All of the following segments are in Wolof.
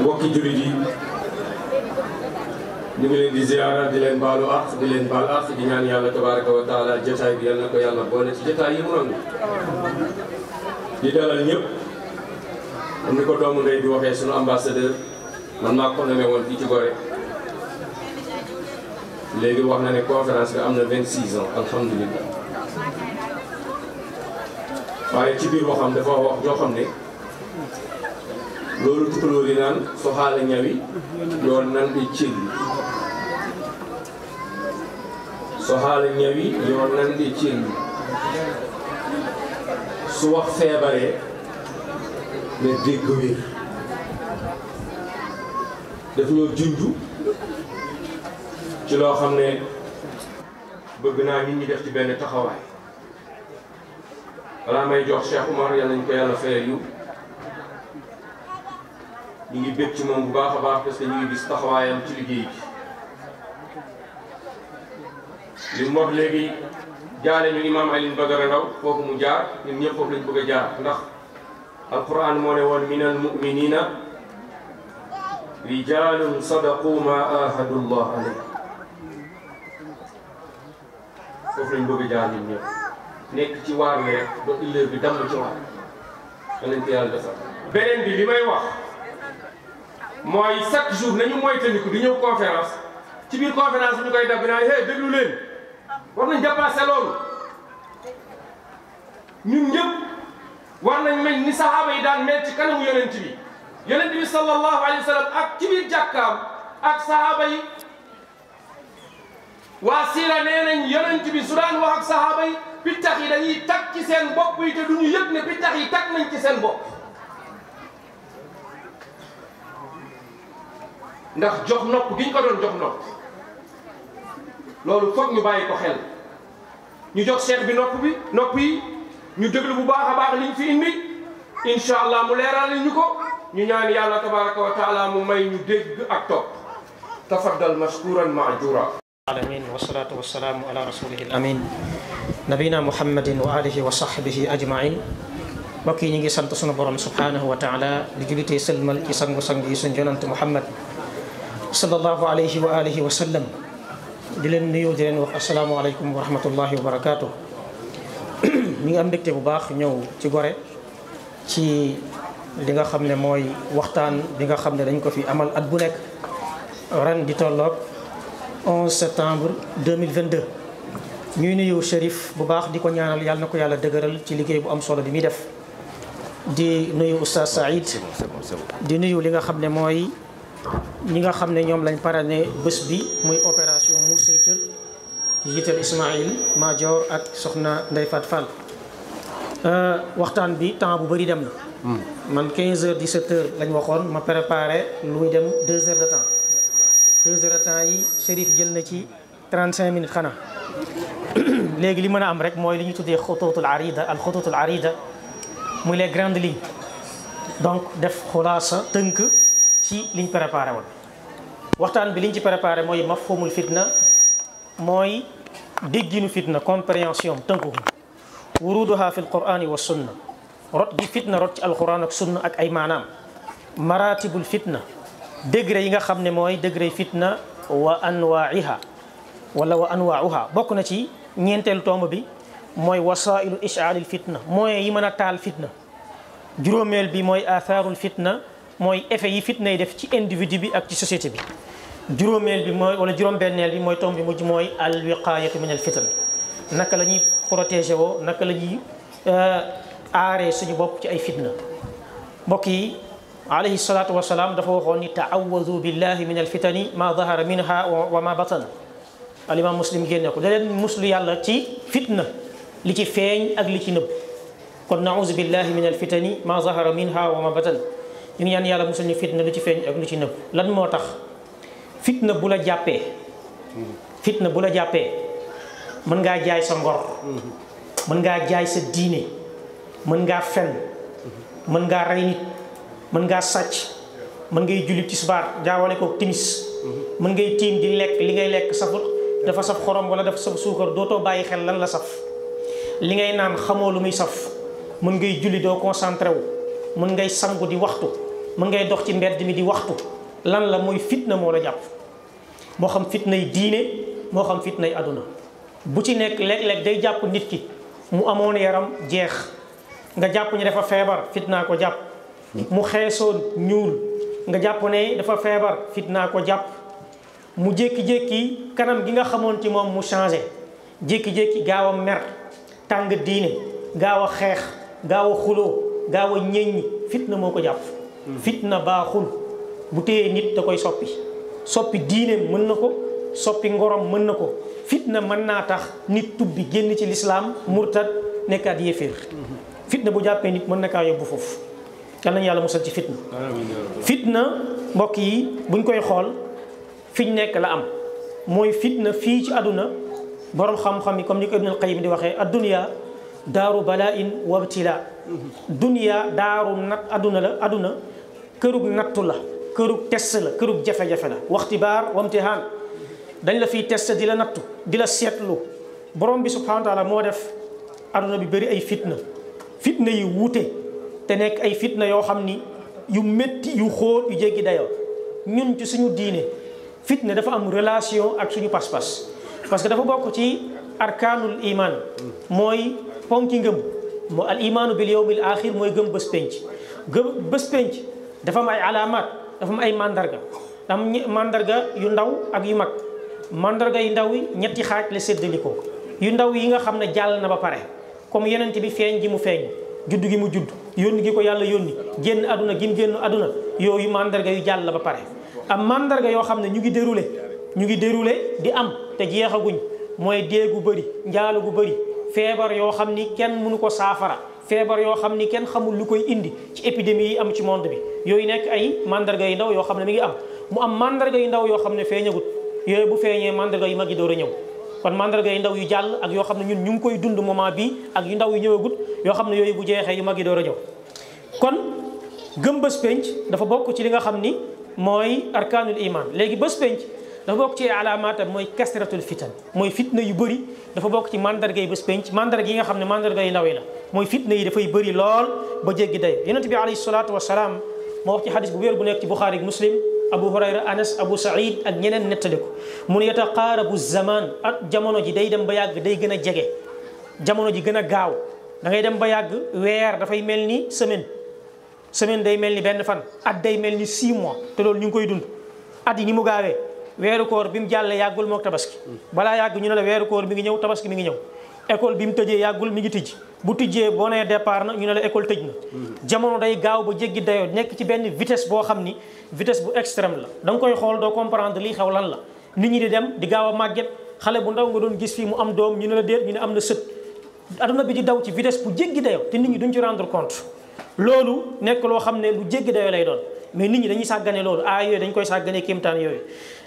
mbokki jullit yi ñu ngi leen di ziara di leen baalu àq di leen baal àq di ñaan yàlla tabaraka wa taala jotaay bi yal na ko yàlla boole ci jotaay yi mu nangu di dalal ñëpp am ni ko doomu ndey bi waxee sunu ambassadeur man maa ko nommé woon fii ci Gorée léegi wax na ne conférence bi am na 26 ans alhamdulilah waaye ci biir waxam dafa wax joo xam ne loolu tukulóor yi naan soxaale ñawi yo nanɗe celli sohaala ñawi yo nanɗe celli su wax feebaree ne dégg wér daf ñoo junju ci loo xam ne bëgg naa nit ñi def ci benn taxawaay balaa may jox Cheikh Oumar yàlla ñu ko yàlla fee yu ñu ngi bég ci moom bu baax a baax parce que ngi gis ci liggéey bi. li mu wax léegi jaale ñu imaam Alioune Badara Ndao foofu mu jaar ñun ñëpp foofu lañ bëgg a jaar ndax alquran moo ne woon minal muminina rijalun sadaqu ma ahadullah alayhi foofu lañ bëgg a jaar ñun ñëpp nekk ci waar wi ba ëllëg bi damm ci waar danañ ko yàlla defal beneen bi li may wax. mooy chaque jour nañu moytandiku di ñëw conférence ci biir conférence bi ñu koy dab bi naan hey déglu leen war nañ dépassé loolu ñun ñëpp war nañ mel ni sahaaba yi daan mel ci kanamu yonent bi yonent bi sallallahu alayhi wa ak ci biir ak sahaaba yi waa siira nee nañ yonent bi su daan wax ak sahaaba yi pittax yi dañuy tag ci seen bopp yi te du ñu ne pittax yi tag nañ ci seen bopp ndax jox nopp gi ñu ko doon jox nopp loolu foog ñu bàyyi ko xel ñu jox seet bi nopp bi nopp yi ñu déglu bu baax a baax liñ fi indi incha allah mu leeral ñu ko ñu ñaan yàlla tabaraka wa taala mu may ñu dégg ak topp tafaddal mashkuran maajura alamin wasalaatu wasalaamu ala rasulihi al amin nabina muhammadin wa alihi wa sahbihi ajmain mbokk yi ñu ngi sant sunu borom subhanahu wa taala di julitee sëlmal ci sangu-sang yi suñ yonant muhammad sallallahu alayhi wa alihi wa sallam di leen nuyu di leen wax asalaamaaleykum wa rahmatullahi wa barakaatu. ñu ngi am mbégte bu baax ñëw ci Gorée ci li nga xam ne mooy waxtaan bi nga xam ne dañ ko fi amal at bu nekk ren di tolloog 11 septembre 2022. ñuy nuyu Chérif bu baax di ko ñaanal yàlla na ko yàlla dëgëral ci liggéey bu am solo bi muy def di nuyu Oustaz Saïd di nuyu li nga xam ne mooy. ñi nga xam ne ñoom lañ ne bés bi muy opération Mour Say Thieur ci jiital Ismaïl Madior ak soxna Ndeye Fat Fall euh, waxtaan bi temps bu bëri dem na hmm. man 15 heures 17 heures lañ waxoon ma préparé lu muy dem 2 de temps 2 temps yi Chérif jël na ci 35 minutes xanaa léegi li mën a am rek mooy li ñu tuddee xututul arida al xututul arida muy les grandes lignes donc def xulaasa tënk ci liñ préparé woon waxtaan bi li ci préparé mooy mafhumul fitna mooy dégginu fitna compréhension tënku wuruduha fi alqurani wa sunna rot fitna rot ci alquran ak sunna ak ay maanaam maratibul fitna degré yi nga xam ne mooy degré fitna wa anwaiha wala wa anwaauha bokk na ci ñeenteelu tomb bi mooy wasailu ishaalil fitna mooy yi mën a fitna juróomeel bi mooy athaarul fitna mooy effet yi fitna yi def ci individu bi ak ci société bi juróomeel bi mooy wala juróom-benneel bi mooy tom bi mujj mooy al wiqaayatu min al fitan naka la ñuy woo naka la ñuy euh, suñu bopp ci ay fitna mbokk yi alayhi salaatu wasalaam dafa waxoon ni taawadu billahi min al ma dahara minha wa ma batan alimam muslim génne ko da leen muslu ci fitna li ci feeñ ak li ci nëbb kon naouzu billahi min al ma dahara minha wa ma batan ñu ngi yàlla musal ñu fitna lu ci feeñ ak lu ci nëbb lan moo tax fitna bu la jàppee fitna bu la jàppee mën ngaa jaay sa ngor mën ngaa jaay sa diine mën ngaa fen mën ngaa rey nit mën ngaa sàcc mën ngay julli tisbaar jaawale ko timis mën ngay tiim di lekk li ngay lekk safut dafa saf xorom wala dafa saf suukar dootoo bàyyi xel lan la saf li ngay naan xamoo lu muy saf mën ngay julli doo concentré wu mën ngay sangu di waxtu mën ngay dox ci mbedd mi di waxtu lan la mooy fitna moo la jàpp moo xam fitnay diine moo xam fitnay àdduna bu ci nekk léeg-léeg day jàpp nit ki mu amoon yaram jeex nga jàpp ni dafa feebar fitnaa ko jàpp mu xeesoon ñuul nga jàpp ne dafa feebar fitnaa ko jàpp mu jékki-jékki kanam gi nga xamoon ci moom mu changé jékki-jékki gaaw a mer tàng diine gaaw a xeex gaaw a gaaw a ñeññi fitna moo ko jàpp hmm. fitna baaxul bu téyee nit da koy soppi soppi diineem mën na ko soppi ngorom mën na ko fitna mën naa tax nit tubbi génn ci lislaam murtad nekkaat yéeféer hmm. fitna bu jàppee nit mën na kaa yóbbu foofu yal nañu yàlla musal ci fitna fitna mbokk yi buñ koy xool fiñ nekk la am mooy fitna fii ci àdduna borom xam-xam yi comme ni ko Ibnul Qayyim di waxee addunya daaru balaa in wabtilaa duniya daaru nat adduna la aduna kërug nattu la kërug test la kërug jafe-jafe la waxtibaar wamtihaan dañ la fi test di la nattu di la seetlu borom bi subhanahu wa moo def aduna bi bëri ay fitna fitna yi wuute te nekk ay fitna yoo xam ni yu métti yu xool yu jéggi dayoo ñun ci suñu diine fitna dafa am relation ak suñu pas-pas parce que dafa bokk ci arkaanul iman mooy ponki ngëm moo al imaanu bil yawmil axir mooy gëm bés penc gëm bés penc dafa am ay alaamaat dafa am ay màndarga am mandarga yu ndaw ak yu mag mandarga yu ndaw yi ñetti xaaj la séddalikoo yu ndaw yi nga xam ne jàll na ba pare comme yonent bi feeñ gi mu feeñ judd gi mu judd yónni gi ko yàlla yónni génn àdduna gi mu génn aduna yooyu màndarga yu jàll la ba pare am màndarga yoo xam ne ñu ngi déroulé ñu ngi déroulé di am te jeexaguñ mooy dee gu bëri njaalo gu bëri feebar yoo xam ni kenn mënu ko saafara feebar yoo xam ni kenn xamul lu koy indi ci épidémie yi am ci monde bi yooyu nekk ay mandarga yu ndaw yoo xam ne mi ngi am mu am mandarga yu ndaw yoo xam ne feeñagut yooyu bu feeñee mandarga yu mag yi door a ñëw kon mandarga yu ndaw yu jàll ak yoo xam ne ñun ñu ngi koy dund moment bi ak yu ndaw yu ñëwagut yoo xam ne yooyu bu jeexee yu mag yi door a ñëw kon gëm bés penc dafa bokk ci li nga xam ni mooy arkaanul iman léegi bés penc dafa bokk ci alaamaatam mooy kasratul fitan mooy fitna yu bëri dafa bokk ci mandarga yi bés penc mandarga yi nga xam ne mandarga yu ndaw yi la mooy fitna yi dafay bëri lool ba jéggi day yonent bi alayhi salaatu wasalaam moo wax ci xadis bu wér bu nekk ci buxaari ak muslim abu hurayra anas abu saïd ak ñeneen nettali ko mu ne ak jamono ji day dem ba yàgg day gën a jege jamono ji gën a gaaw da dem ba yàgg weer dafay mel ni semaine semaine day mel ni benn fan at day mel ni 6 mois te loolu ñu ngi koy dund weeru koor bi mu jàllee yàggul mook tabaski balaa yàgg ñu ne la weeru koor mi ngi ñëw tabaski mu ngi ñëw école bi mu tëjee yàggul mi ngi tijj bu tijjee boo nee départ na ñu ne la école tëj na jamono day gaaw ba jéggi dayoo nekk ci benn vitesse boo xam ni vitesse bu extrême la da nga koy xool doo comprendre lii xew lan la nit ñi di dem di gaaw a màgget xale bu ndaw nga doon gis fii mu am doom ñu ne la déet ñu ne am na sët aduna bi di daw ci vitesse bu jéggi dayoo te nit ñi duñ ci rendre compte loolu nekk loo xam ne lu jéggi dayoo lay doon mais nit ñi dañuy sàggane loolu ah yooyu dañ koy sàggane kéemtaan yooyu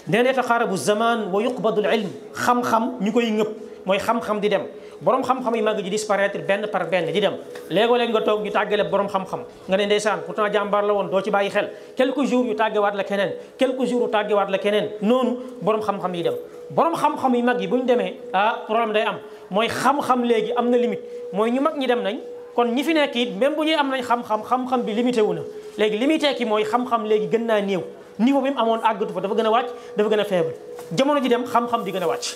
nee na yataxaarabu zaman wa yuqbadul ilm xam-xam ñu koy ngëpp mooy xam-xam di dem borom xam-xam yi màgg ji disparaître benn par benn di dem léegoo-léeg nga toog ñu tàggale borom xam-xam nga ne ndeysaan pourtant jàmbaar la woon doo ci bàyyi xel quelques jours ñu tàggewaat la keneen quelques jours ñu keneen noonu borom xam-xam dem borom xam-xam mag yi bu ñu demee ah problème day am mooy xam léegi am na limite mooy ñu mag ñi dem nañ kon ñi fi nekk it même bu ñuy am nañ xam-xam xam-xam bi limité wu na léegi limité mooy xam-xam léegi gën naa néew niveau bi mu amoon àggatu fa dafa gën a wàcc dafa gën a faible jamono ji dem xam-xam di gën a wàcc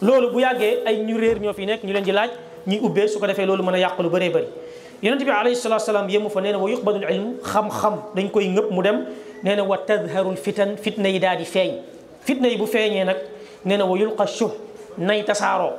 loolu bu yàggee ay ñu réer ñoo fi nekk ñu leen di laaj ñuy ubbee su ko defee loolu mën a yàq lu bëree bëri yonente bi alayhi salatu salaam yému fa nee na wa yuqbadul ilm xam-xam dañ koy ngëpp mu dem nee na wa tadharul fitan fitna yi daal di feeñ fitna yi bu feeñee nag nee na wa yulqa shuh nay tasaaroo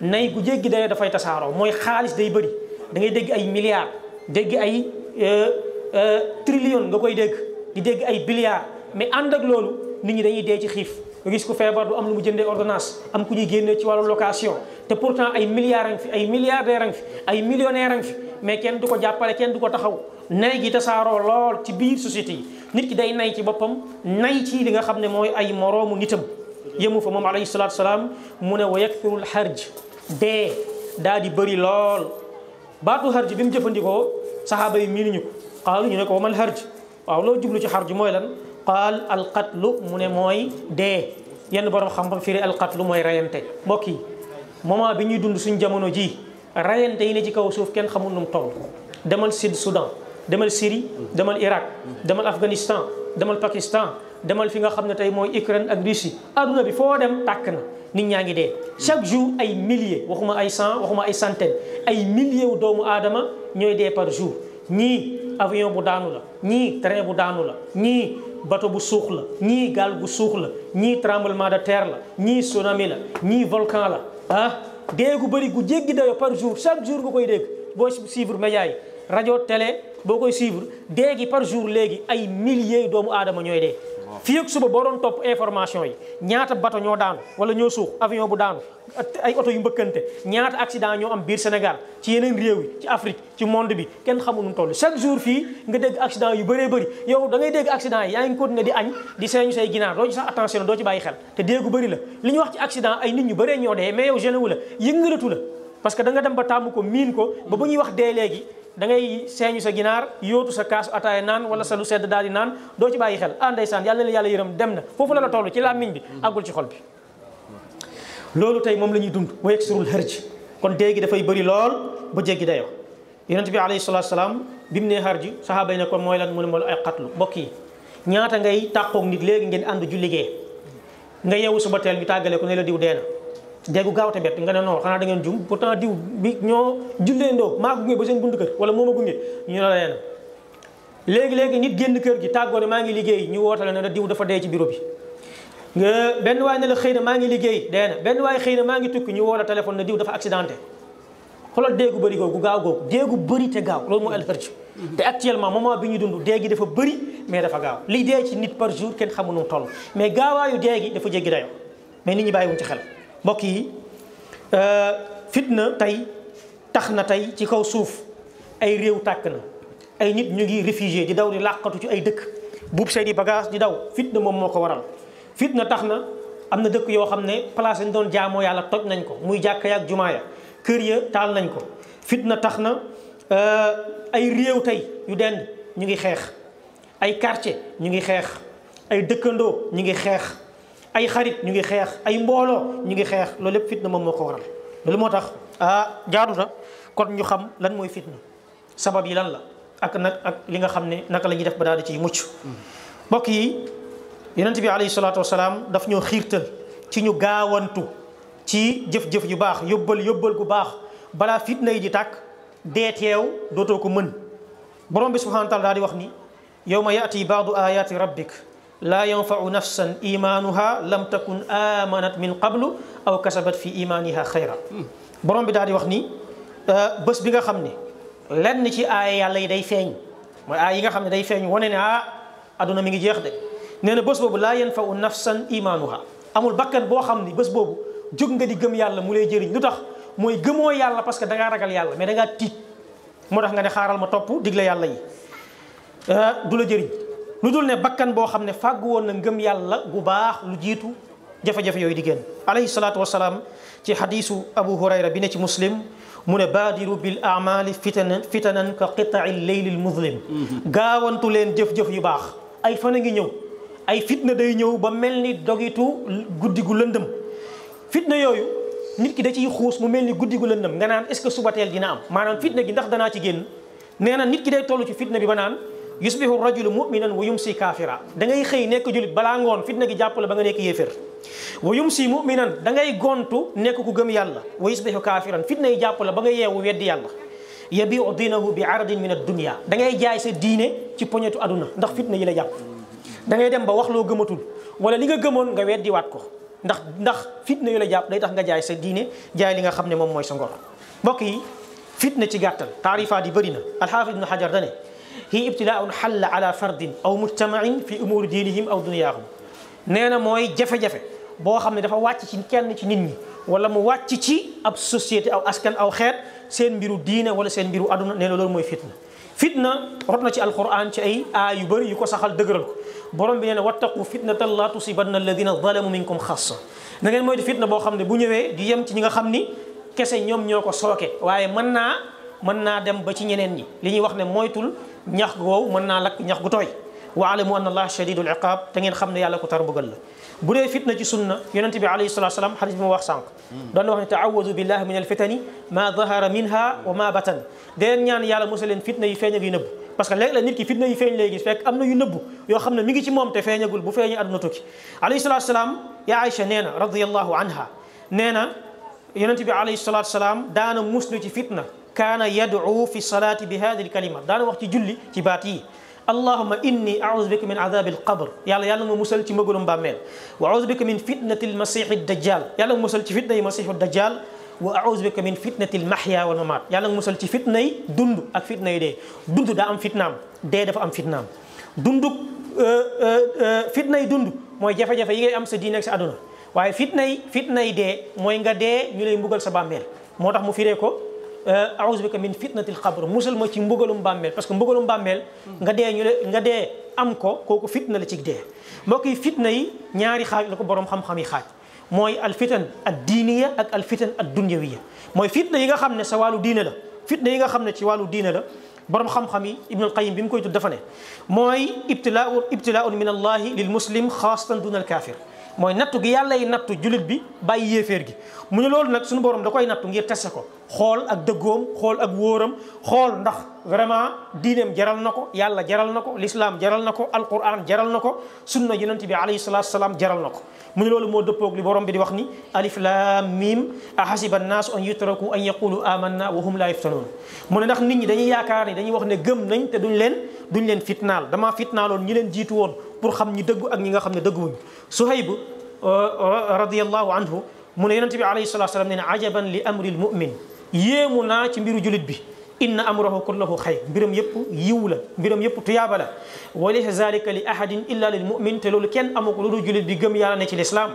nay gu jéggi dayoo dafay tasaaroo mooy xaalis day bëri da ngay dégg ay milliards dégg ay euh, euh, trillion nga koy dégg di dégg ay billiards mais ànd ak loolu nit ñi dañuy dee ci xiif risque feebar du am lu mu jëndee ordonnance am ku ñuy génnee ci wàllu location te pourtant ay milliards ngi fi ay milliardaires ngi fi ay millionnaires ngi fi mais kenn du ko jàppale kenn du ko taxaw nay gi tasaaroo lool ci biir société yi nit ki day nay ci boppam nay ci li nga xam ne mooy ay moroomu nitam yemu fa moom alayhi salaatu salaam mu ne wa yakthurul harj dee daa di bëri lool baatu harj bi mu jëfandikoo saxaaba yi miinuñu ko xaalu ñu ne ko wamal harj waaw loo jublu ci harj mooy lan qaal alqatlu mu ne mooy dee yenn borom xam-xam firi alqatlu mooy rayante mbokk yi moment bi ñuy dund suñ jamono ji rayante yi ne ci kaw suuf kenn xamul nu mu toll demal sud soudan demal syrie demal iraq demal afghanistan demal pakistan demal fi nga xam ne tey mooy Ukraine ak Russie adduna bi foo dem tàkk na nit ñaa ngi dee chaque jour ay milliers waxuma ay cent waxuma ay centaine ay milliers wu doomu aadama ñooy dee par jour ñii avion bu daanu la ñii train bu daanu la ñii bato bu suux la ñii gaal bu suux la ñii tremblement de terre la ñii tsunami la ñii volcan la ah dee gu bëri gu jéggi dayo par jour chaque jour nga koy dégg boo suivre média yi rajo télé boo koy suivre dee gi par jour léegi ay milliers doomu aadama ñooy dee fii ak suba boo doon topp information yi ñaata bato ñoo daanu wala ñoo suux avion bu daanu ay oto yu mbëkkante ñaata accident ñoo am biir Sénégal ci yeneen réew yi ci Afrique ci monde bi kenn xamuñu toll chaque jour fii nga dégg accident yu bëree bëri yow da ngay dégg accident yi yaa ngi continué di añ di seeñu say ginaar doo ci sax attention doo ci bàyyi xel te déggu bëri la li ñu wax ci accident ay nit ñu bëree ñoo dee mais yow génnewu la yëngalatu ko miin ko ba da ngay seeñu sa ginaar yóotu sa kaasu ataaya naan wala sa lu sedd daal di naan doo ci bàyyi xel ah ndeysaan yàlla na yàlla yërëm dem na foofu la la toll ci làmmiñ bi àggul ci xol bi loolu tey moom la ñuy dund wa yaksurul harj kon dee gi dafay bëri lool ba jéggi dayoo yonent bi alayhi salaatu salaam bi mu nee harj saxaaba yi ne kon mooy lan mu ne mooy ay xatlu mbokk yi ñaata ngay tàqoog nit léegi ngeen ànd ju liggéey nga yeewu suba teel bi tàggale ko ne la diw dee na jéegu gaaw te bett nga ne non xanaa da ngeen jum pourtant diw bi ñoo julleendoo maa gunge ba seen buntu kër wala mooma gunge ñu ne leen léegi-léegi nit génn kër gi tàggoo ne maa ngi liggéey ñu wootale ne la diw dafa dee ci bureau bi nga benn waay ne la xëy na maa ngi liggéey dee benn waay xëy na maa ngi tukki ñu woo la téléphone ne diw dafa accidenté xoolal déegu bëri googu gaaw googu déegu bëri te gaaw loolu moo alxërju te actuellement moment bi ñu dund dee gi dafa bëri mais dafa gaaw li ci nit par jour kenn xamu nu mu mais gaawaayu dee gi dafa jéggi dayoo mais nit ñi bàyyiwuñ ci xel mbokk yi euh, fitna tey tax na tey ci kaw suuf ay réew tàkk na ay nit ñu ngi réfugié di daw di làqatu ci ay dëkk buub seeni bagage di daw fitna moom moo ko waral fitna tax na am na dëkk yoo xam ne place ñu doon jaamoo yàlla toj nañ ko muy jàkka yaak jumaa ya kër ya taal nañ ko fitna tax na euh, ay réew tey yu dend ñu ngi xeex ay quartier ñu ngi xeex ay dëkkandoo ñu ngi xeex ay xarit ñu ngi xeex ay mbooloo ñu ngi xeex loolu lépp fitna moom moo ko waral loolu moo tax ah jaadu na kon ñu xam lan mooy fitna sabab yi lan la ak nag ak li nga xam ne naka la ñuy def ba daal di ciy mucc mbokk yi yonent bi alayhi salaatu wasalaam daf ñoo xiirtal ci ñu gaawantu ci jëf-jëf yu baax yóbbal yóbbal gu baax balaa fitna yi di tàkk dee teew dootoo ko mën borom bi subhanahu wa taala daal di wax ni yow yawma yati baadu ayati rabbik laa yanfau nafsan imaanuha lam takun amanat min qablu aw kasabat fi imaaniha xayra borom bi daal di wax ni euh, bés bi nga xam ne lenn ci aaya yàlla yi day feeñ mooy aaya yi nga xam ne day feeñ wane ne ah adduna mi ngi jeex de nee na bés boobu laa yanfau nafsan imaanuha amul bakkan boo xam ne bés boobu jóg nga di gëm yàlla mu lay jëriñ lu tax mooy gëmoo yàlla parce que da ragal yàlla mais da ti moo tax nga ne xaaral ma topp digle yàlla yi euh, du la jëriñ lu dul ne bakkan boo xam ne fàgg woon na ngëm yàlla gu baax lu jiitu jafe-jafe yooyu di génn alayhi salaatu wasalaam ci xadiisu abu hurayra bi ne ci muslim mu ne baadiru bil amali fitanan fitanan ka qitaai leylil muzlim mhm. gaawantu leen jëf-jëf yu baax ay fan a ngi ñëw ay fitna day ñëw ba mel ni dogitu guddi gu lëndëm fitna yooyu nit ki da ciy xuus mu mel ni guddi gu lëndëm nga naan est suba teel dina am maanaam fitna gi ndax danaa ci génn nee nit ki day toll ci fitna bi ba naan yusbihu rajulu muminan wa yumsi kaafira da ngay xëy nekk julit balaa ngoon fitna gi jàpp la ba nga nekk yéefér wa yumsi muminan da ngay gontu nekk ku gëm yàlla wa yusbihu kaafiran fitna yi jàpp la ba nga yeewu weddi yàlla yabiu diinahu bi aradin min addunia da ngay jaay sa diine ci poñetu aduna ndax fitna yi la jàpp da dem ba wax loo gëmatul wala li nga gëmoon nga waat ko ndax ndax fitna yi la jàpp day tax nga jaay sa diine jaay li nga xam ne moom mooy sa ngor mbokk yi fitna ci gàttal taarifaat yi bëri na alxaafid ibnu xajar dane hi ibtilaun xalla ala fardin aw mujtamain fi umuri diinihim aw dunyaahum nee na mooy jafe-jafe boo xam ne dafa wàcc ci kenn ci nit ñi wala mu wàcc ci ab société aw askan aw xeet seen mbiru diine wala seen mbiru aduna nee na loolu mooy fitna fitna rot na ci alquran ci ay aay yu bëri yu ko saxal dëgëral ko borom bi nee na wattaqu fitnatan la tusibanna alladina zalamu minkum xassa na ngeen mooy di fitna boo xam ne bu ñëwee di yem ci ñi nga xam ni kese ñoom ñoo ko sooke waaye mën naa mën naa dem ba ci ñeneen ñi li ñuy wax ne moytul ñax goow mën naa lakk ñax gu tooy wa alamu anna allah shadidul iqab te ngeen xam ne yàlla ko tar bëggal la bu dee fitna ci sunna yonente bi alayhi salatu wasalam xadis bi mu wax sànq doon na wax ne taawadu billahi min alfitani ma dahara minha wa ma batan deen ñaan yàlla mosa leen fitna yi feeñ ak yu nëbb parce que léegi la nit ki fitna yi feeñ lay gis fekk am na yu nëbb yoo xam ne mi ngi ci moom te feeñagul bu feeñee àdduna tukki alayhi salatu wasalam ya Aïcha nee na radiallahu anha nee na yonente bi alayhi salatu wasalam daana muslu ci fitna kaana yad'u fi salaati bi hadihi alkalima daana wax ci julli ci baat yi allahuma inni audu bika min adabi alqabr yàlla yàlla nga musal ci mbëggalum bàmmeel wa audu bika min fitnati almasihi dajjal yàlla nga musal ci fitna yi masihu dajjal wa audu bika min fitnati almahya wal mamat yàlla nga musal ci fitna yi dund ak fitna yi dee dund daa am fitnaam dee dafa am fitnaam dundu euh, euh, euh, fitna yi dund mooy jafe-jafe yi ngay am sa diine ak sa àdduna waaye fitna yi fitna yi dee mooy nga dee ñu lay mbugal sa bàmmeel moo tax mu firee ko Euh, a'uuzu bika min fitnatil xabr musal ma ci mbugalum bàmmeel parce que mbugalum bàmmeel nga dee ñu nga dee am ko kooku fitna la ci dee mbokk yi fitna yi ñaari xaaj la ko borom xam-xam yi xaaj mooy alfitan ad diiniya ak alfitan ad dunyawiya mooy fitna yi nga xam ne sa wàllu diine la fitna yi nga xam ne ci wàllu diine la borom xam-xam yi ibn alqayim bi mu koy tudd dafa ne mooy ibtilaun ibtilaun min allahi lil muslim xaasatan duna al kaafir mooy nattu gi yàlla yi nattu jullit bi bàyyi yéeféer gi mu ne loolu nag suñu borom da koy nattu ngir teste ko xool ak dëggoom xool ak wóoram xool ndax vraiment diineem jaral na ko yàlla jaral na ko lislaam jaral na ko alquran jaral na ko sunna yonent bi alayhi salaatu salaam jaral na ko mu ne loolu moo dëppoog li borom bi di wax ni alif laam a ahasiba annaasu an yutraku an yaqulu amanna wa hum laa yuftanuun mu ne ndax nit ñi dañuy yaakaar ni dañuy wax ne gëm nañ te duñ leen duñ leen fitnaal dama fitnaaloon ñi leen jiitu pour xam ñi dëggu ak ñi nga xam ne dëgguwuñ Suhayb euh, euh, radiyallahu anhu mu ne yonente bi alayhi salatu salaam ne ne li amril mumin yéemu naa ci mbiru julit bi inna amrahu kullahu xayr mbiram yëpp yiw la mbiram yëpp tuyaaba la wa laysa zalika li ahadin illa lil mumin te kenn amu ko loolu julit bi gëm yàlla ne ci lislaam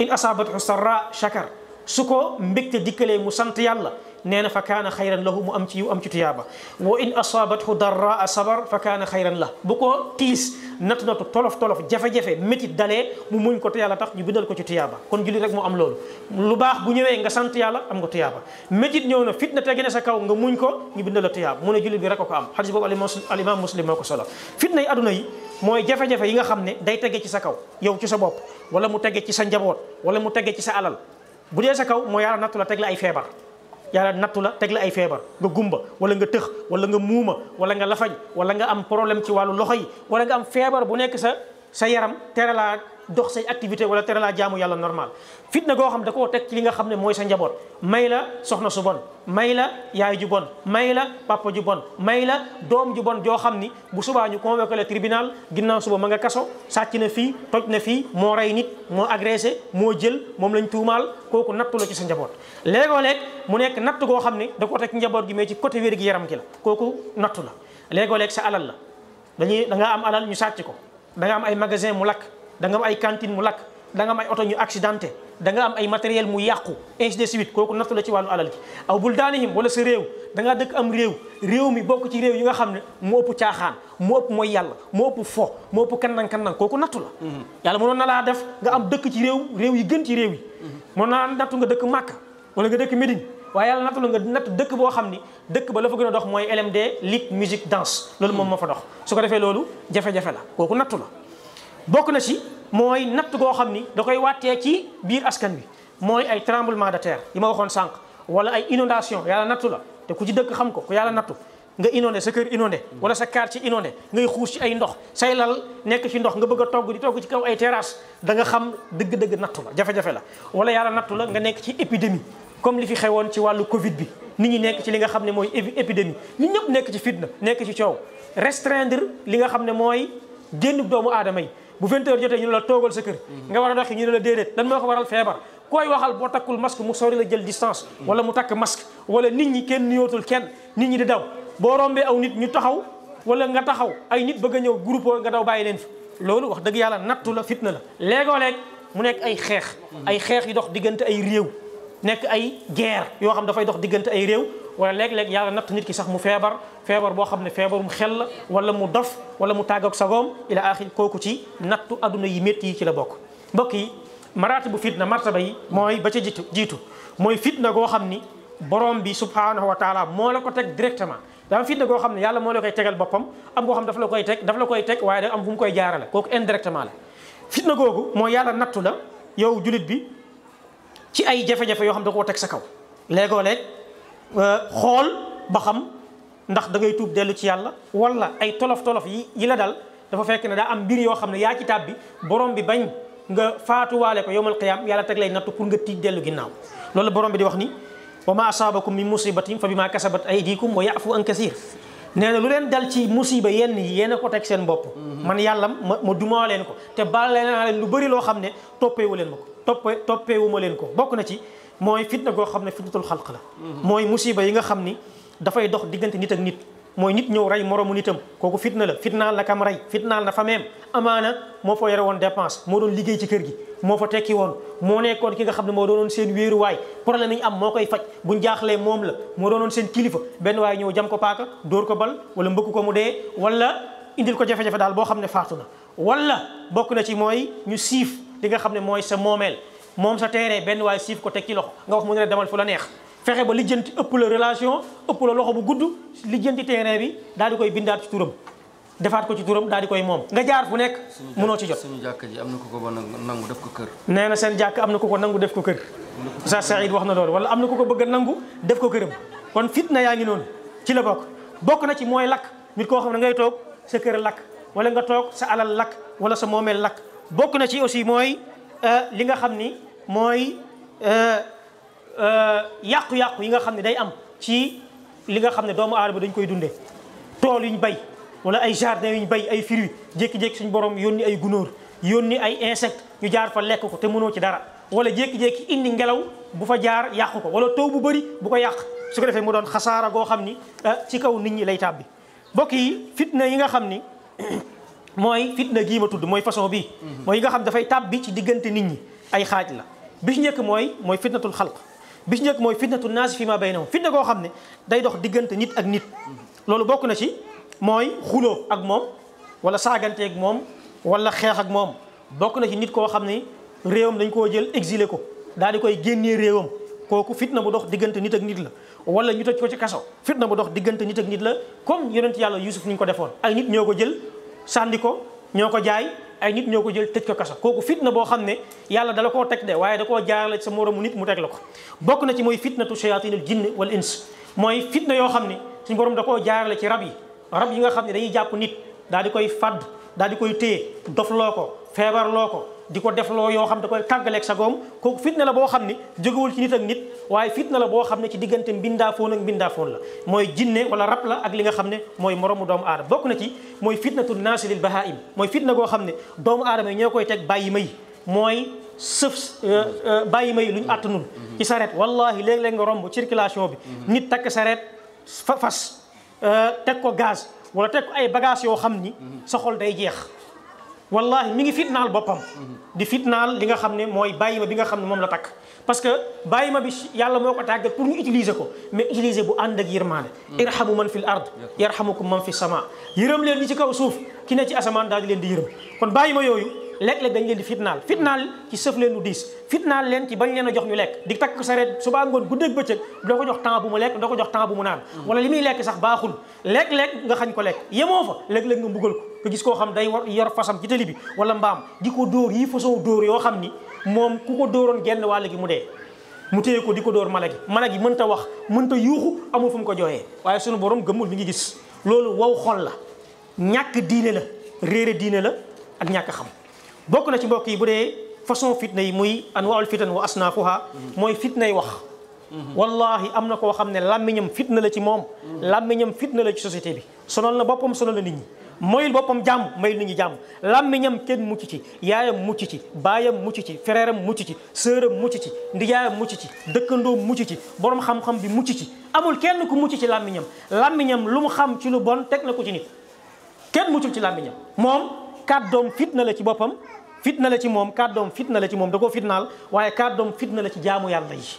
in asaabathu sarra shakar su ko mbégte dikkalee mu sant yàlla nee na fa kaana xayran lahu mu am ci yiw am ci tuyaaba wa in asaabathu darraa sabar fa kaana xayran la bu ko tiis nat natu tolof tolof jafe-jafe métit dalee mu muñ ko yàlla tax ñu bindal ko ci tuyaaba kon julli rek moo am loolu lu baax bu ñëwee nga sant yàlla am nga tuyaaba métit ñëw na fitna tege na sa kaw nga muñ ko ñu bindal la tuyaaba mu ne julli bi rek ko am xadis boobu alimaam muslim moo ko solo fitna yi aduna yi mooy jafe-jafe yi nga xam ne day tege ci sa kaw yow ci sa bopp wala mu tege ci sa njaboot wala mu tege ci sa alal bu dee sa kaw moo yàlla nattu la teg ay feebar yàlla nattu la teg la ay feebar nga gumba wala nga tëx wala nga muuma wala nga lafañ wala nga am problème ci wàllu loxo yi wala nga am feebar bu nekk sa sa yaram tere laa dox say activité wala tere laa jaamu yàlla normal fitna goo xam da koo teg ci li nga xam ne mooy sa njaboot may la soxna su bon may la yaay ju bon may la papa ju bon may la doom ju bon joo xam ni bu subaa ñu convoqué le tribunal ginnaaw suba ma nga kaso sàcc na fii toj na fii moo rey nit moo agressé moo jël moom lañ tuumaal kooku nattu la ci sa njaboot mu nekk natt goo xam ne da ko teg njaboot gi mais ci côté wér gi yaram gi la kooku nattu la léegoo léeg sa alal la dañuy da nga am alal ñu sàcc ko da am ay magasin mu lakk da am ay cantine mu lakk da ay oto ñu accidenté da nga am ay matériel mu yàqu ainsi de kooku nattu la ci wàllu alal bul daanihim wala sa réew da dëkk am réew réew mi bokk ci réew yi nga xam ne mu ëpp caaxaan mu ëpp mooy yàlla mu ëpp fo mu ëpp kannang kannang kooku nattu la mm-hmm. yàlla mënoon na laa def nga am dëkk ci réew réew yi gën ci réew yi mm-hmm. mënoon na laa nattu nga dëkk màkka wala nga dëkk Médine waaye yàlla natt la dëkk boo xam ni dëkk ba la fa a dox mooy LMD lit musique danse loolu moom moo fa dox su ko defee loolu jafe-jafe kooku nattu la bokk na ci mooy natt goo xam ni da koy wàttee ci biir askan wi mooy ay tremblement de terre yi ma waxoon sànq wala ay inondation yàlla nattu la te ku ci dëkk xam ko yàlla nattu nga inondé sa kër inondé wala sa quartier inondé ngay xuus ci ay ndox say lal nekk ci ndox nga bëgg a togg di togg ci kaw ay terrasse danga xam dëgg-dëgg nattu la jafe-jafe la wala yàlla nattu la nga nekk ci épidémie comme li fi xewoon ci wàllu Covid bi nit ñi nekk ci li nga xam ne mooy épidémie ñun ñëpp nekk ci fitna nekk ci coow restreindre li nga xam ne mooy génn doomu aadama yi bu 20 jotee ñu ne la toogal sa kër. Mhm. nga war a doxi ñu ne la déedéet lan moo ko waral feebar. koy waxal boo takkul masque mu sori la jël distance. Mhm. wala mu takk masque wala nit ñi kenn nuyootul kenn nit ñi di daw boo rombee aw nit ñu taxaw wala nga taxaw ay nit bëgg a ñëw groupe nga daw bàyyi leen fi. loolu wax dëgg yàlla nattu la fitna la léegoo léeg mu nekk ay xeex. ay xeex yu dox diggante ay réew. nekk ay guerre yoo xam dafay dox diggante ay réew wala léeg-léeg yàlla natt nit ki sax mu feebar feebar boo xam ne feebarum xel la wala mu dof wala mu tàggoog sagoom ila axir kooku ci nattu aduna yi métti yi ci la bokk mbokk yi maraati bu fitna martaba yi mooy ba ca jiitu jiitu mooy fitna goo xam ni borom bi subhanahu wa taala moo la ko teg directement daam fitna goo xam ne yàlla moo la koy tegal boppam am goo xam daf la koy teg daf la koy teg waaye am fu mu koy jaarale kooku indirectement la googu mooy nattu la yow julit bi ci ay jafe-jafe yoo xam da koo teg sa kaw léegoo léeg euh, xool ba xam ndax da ngay tuub dellu ci yàlla wala ay tolof-tolof yi yi la dal dafa fekk ne daa am mbir yoo xam ne yaa ci taab bi borom bi bañ nga faatuwaale ko yowmal qiyaam yàlla teg lay nattu pour nga tiit dellu ginnaaw loolu borom bi di wax ni wa ma asaabakum min musibatin fa bima kasabat aydikum wa yafu an kasir nee na lu leen dal ci musiba yenn yi yéen ko teg seen bopp man yàlla ma ma dumaa leen ko te baal leen lu bëri loo xam ne toppeewu leen ma toppee toppee wu ma leen ko bokk na ci mooy fitna goo xam ne fitnatul xalq la. Mhm. mooy musiba yi nga xam ni dafay dox diggante nit ak nit. mooy nit ñëw rey moromu nitam kooku fitna la fitnaal la kam rey fitnaal na fa même amaana moo fa yore woon dépense moo doon liggéey ci kër gi moo fa tekki woon moo nekkoon ki nga xam ne moo doonoon seen wéeruwaay problème yi ñu am moo koy faj buñ jaaxlee moom la moo doonoon seen kilifa benn waaye ñëw jam ko paaka dóor ko bal wala mbëkk ko mu dee wala indil ko jafe daal boo xam ne faatu na wala bokk na ci mooy ñu li nga xam ne mooy sa moomeel moom sa terrain benn waaye siif ko teg ci loxo nga wax mu ne la demal fu la neex fexe ba lijjanti ëpp la relation ëpp la loxo bu gudd lijjanti terrain bi daal di koy bindaat ci turam defaat ko ci turam daal di koy moom nga jaar fu nekk mënoo ci jot suñu jàkk ji am na ku ko nangu def ko kër nee na seen jàkk am na ku ko nangu def ko kër sa Saïd wax na loolu wala am na ko ko bëgg a nangu def ko këram kon fit na yaa ngi noonu ci la bokk bokk na ci mooy lakk nit koo xam ne ngay toog sa kër lakk wala nga toog sa alal lakk wala sa moomeel lakk bokk na ci aussi mooy euh, li nga xam ni mooy euh, euh, yàqu-yàqu yi nga xam ne day am ci li nga xam ne doomu aadama dañ koy dunde tool yuñ bay wala ay jardin yuñ bay ay fruits jékki-jékki suñu borom ni ay gunóor yónni ay insectes ñu jaar fa lekk ko te mënoo ci dara wala jékki-jékki indi ngelaw bu fa jaar yàqu ko wala taw bu bëri bu ko yàq su ko defee mu doon xasaara goo xam ni ci kaw nit ñi lay tàbbi mbokk yi fitna yi nga xam ni mooy fitna gii ma tudd mooy façon bi mooy yi nga xam dafay bi ci diggante nit ñi ay xaaj la bi ci njëkk mooy mooy fitnatul xalq bi ci njëkk mooy fitnatul naas fi ma baynahum fitna koo xam ne day dox diggante nit ak nit loolu bokk na ci mooy xuloo ak moom wala saagante ak moom wala xeex ak moom bokk na ci nit koo xam ne réewam dañ koo jël exilé ko daal di koy génnee réewam kooku fitna bu dox diggante nit ak nit la wala ñu toj ko ci kaso fitna bu dox diggante nit ak nit la comme yonent yàlla Yuusuf ni ñu ko defoon ay nit ñoo ko jël sànni ko ñoo ko jaay ay nit ñoo ko jël tëj ko kaso kooku fitna boo xam ne yàlla dala koo teg de waaye da koo jaarale sa moroomu nit mu teg la ko bokk na ci mooy fitna fitnatu shayatinul jinn wal ins mooy fitna yoo xam ne suñu borom da koo jaarale ci rab yi rab yi nga xam ne dañuy jàpp nit daal di koy fàdd daal di koy téye dofloo ko loo ko di ko def loo yoo xam da koy tàggaleeg sa goom kooku fitna la boo xam ni jógewul ci nit ak nit waaye fitna la boo xam ne ci diggante mbindaafoon ak mbindaafoon la mooy jinne wala rab la ak li nga xam ne mooy moromu doomu aadama bokk na ci mooy fitnatul naasi lil bahaim mooy fitna goo xam ne doomu aadama yi ñoo koy teg bàyyi may mooy sëf euh, euh, bàyyi may lu ñu àttanul ci sareet wallahi léeg-léeg nga romb circulation bi nit takk sareet fas euh, teg ko gaz wala teg ko ay bagage yoo xam ni sa day jeex wallahi mi ngi fitnaal boppam di fitnaal li nga xam ne mooy bàyyi ma bi nga xam ne moom la takk parce que bàyyi ma bi yàlla moo ko tàggat pour ñu utiliser ko mais utiliser bu ànd ak yërmaane hmm. irhamu man fil ard yarhamukum man fi sama yërëm leen ñi ci kaw suuf ki ne ci asamaan daal di leen di yërëm kon bàyyi ma yooyu léeg-léeg dañ leen di fitnaal fitnaal ci sëf leen lu diis fitnaal leen ci bañ leen a jox ñu lekk di takk sareet subaa ngoon guddeeg bëccëg doo ko jox temps bu mu lekk doo ko jox temps bu mu naan hmm. wala li muy lekk sax baaxul léeg-léeg nga xañ ko lekk yemoo fa léeg-léeg nga mbugal ko nga gis koo xam day war yor fasam ci tali bi wala mbaam di ko dóor yi façon dóor yoo xam ni moom ku ko dóoroon genn wàll gi mu dee mu téye ko di ko door mala gi mala gi mënta wax mënta yuuxu amul fu mu ko joxee waaye sunu borom gëmmul mi ngi gis loolu waw xol la ñàkk diine la réere diine la ak ñàkk xam bokk na ci mbokk yi bu dee façon fitna yi muy anwaul fitan wa asnaafuha mooy fitnay wax wallahi am na koo xam ne làmmiñam fitna la ci moom làmmiñam fitna la ci société bi sonal na boppam sonal la nit ñi moyul boppam jàmm mayul nit ñi jàmm làmmiñam kenn mucc ci yaayam mucc ci baayam mucc ci frèram mucc ci sëram mucc ci ndijaayam mucc ci dëkkandoom mucc ci borom xam-xam bi mucc ci amul kenn ku mucc ci làmmiñam làmmiñam lu mu xam ci lu bon teg na ko ci nit kenn muccul ci làmmiñam kàddoom fitna la ci boppam fitna la ci moom kàddoom fitna la ci moom da koo fitnaal waaye kàddoom fitna la ci jaamu yàlla yi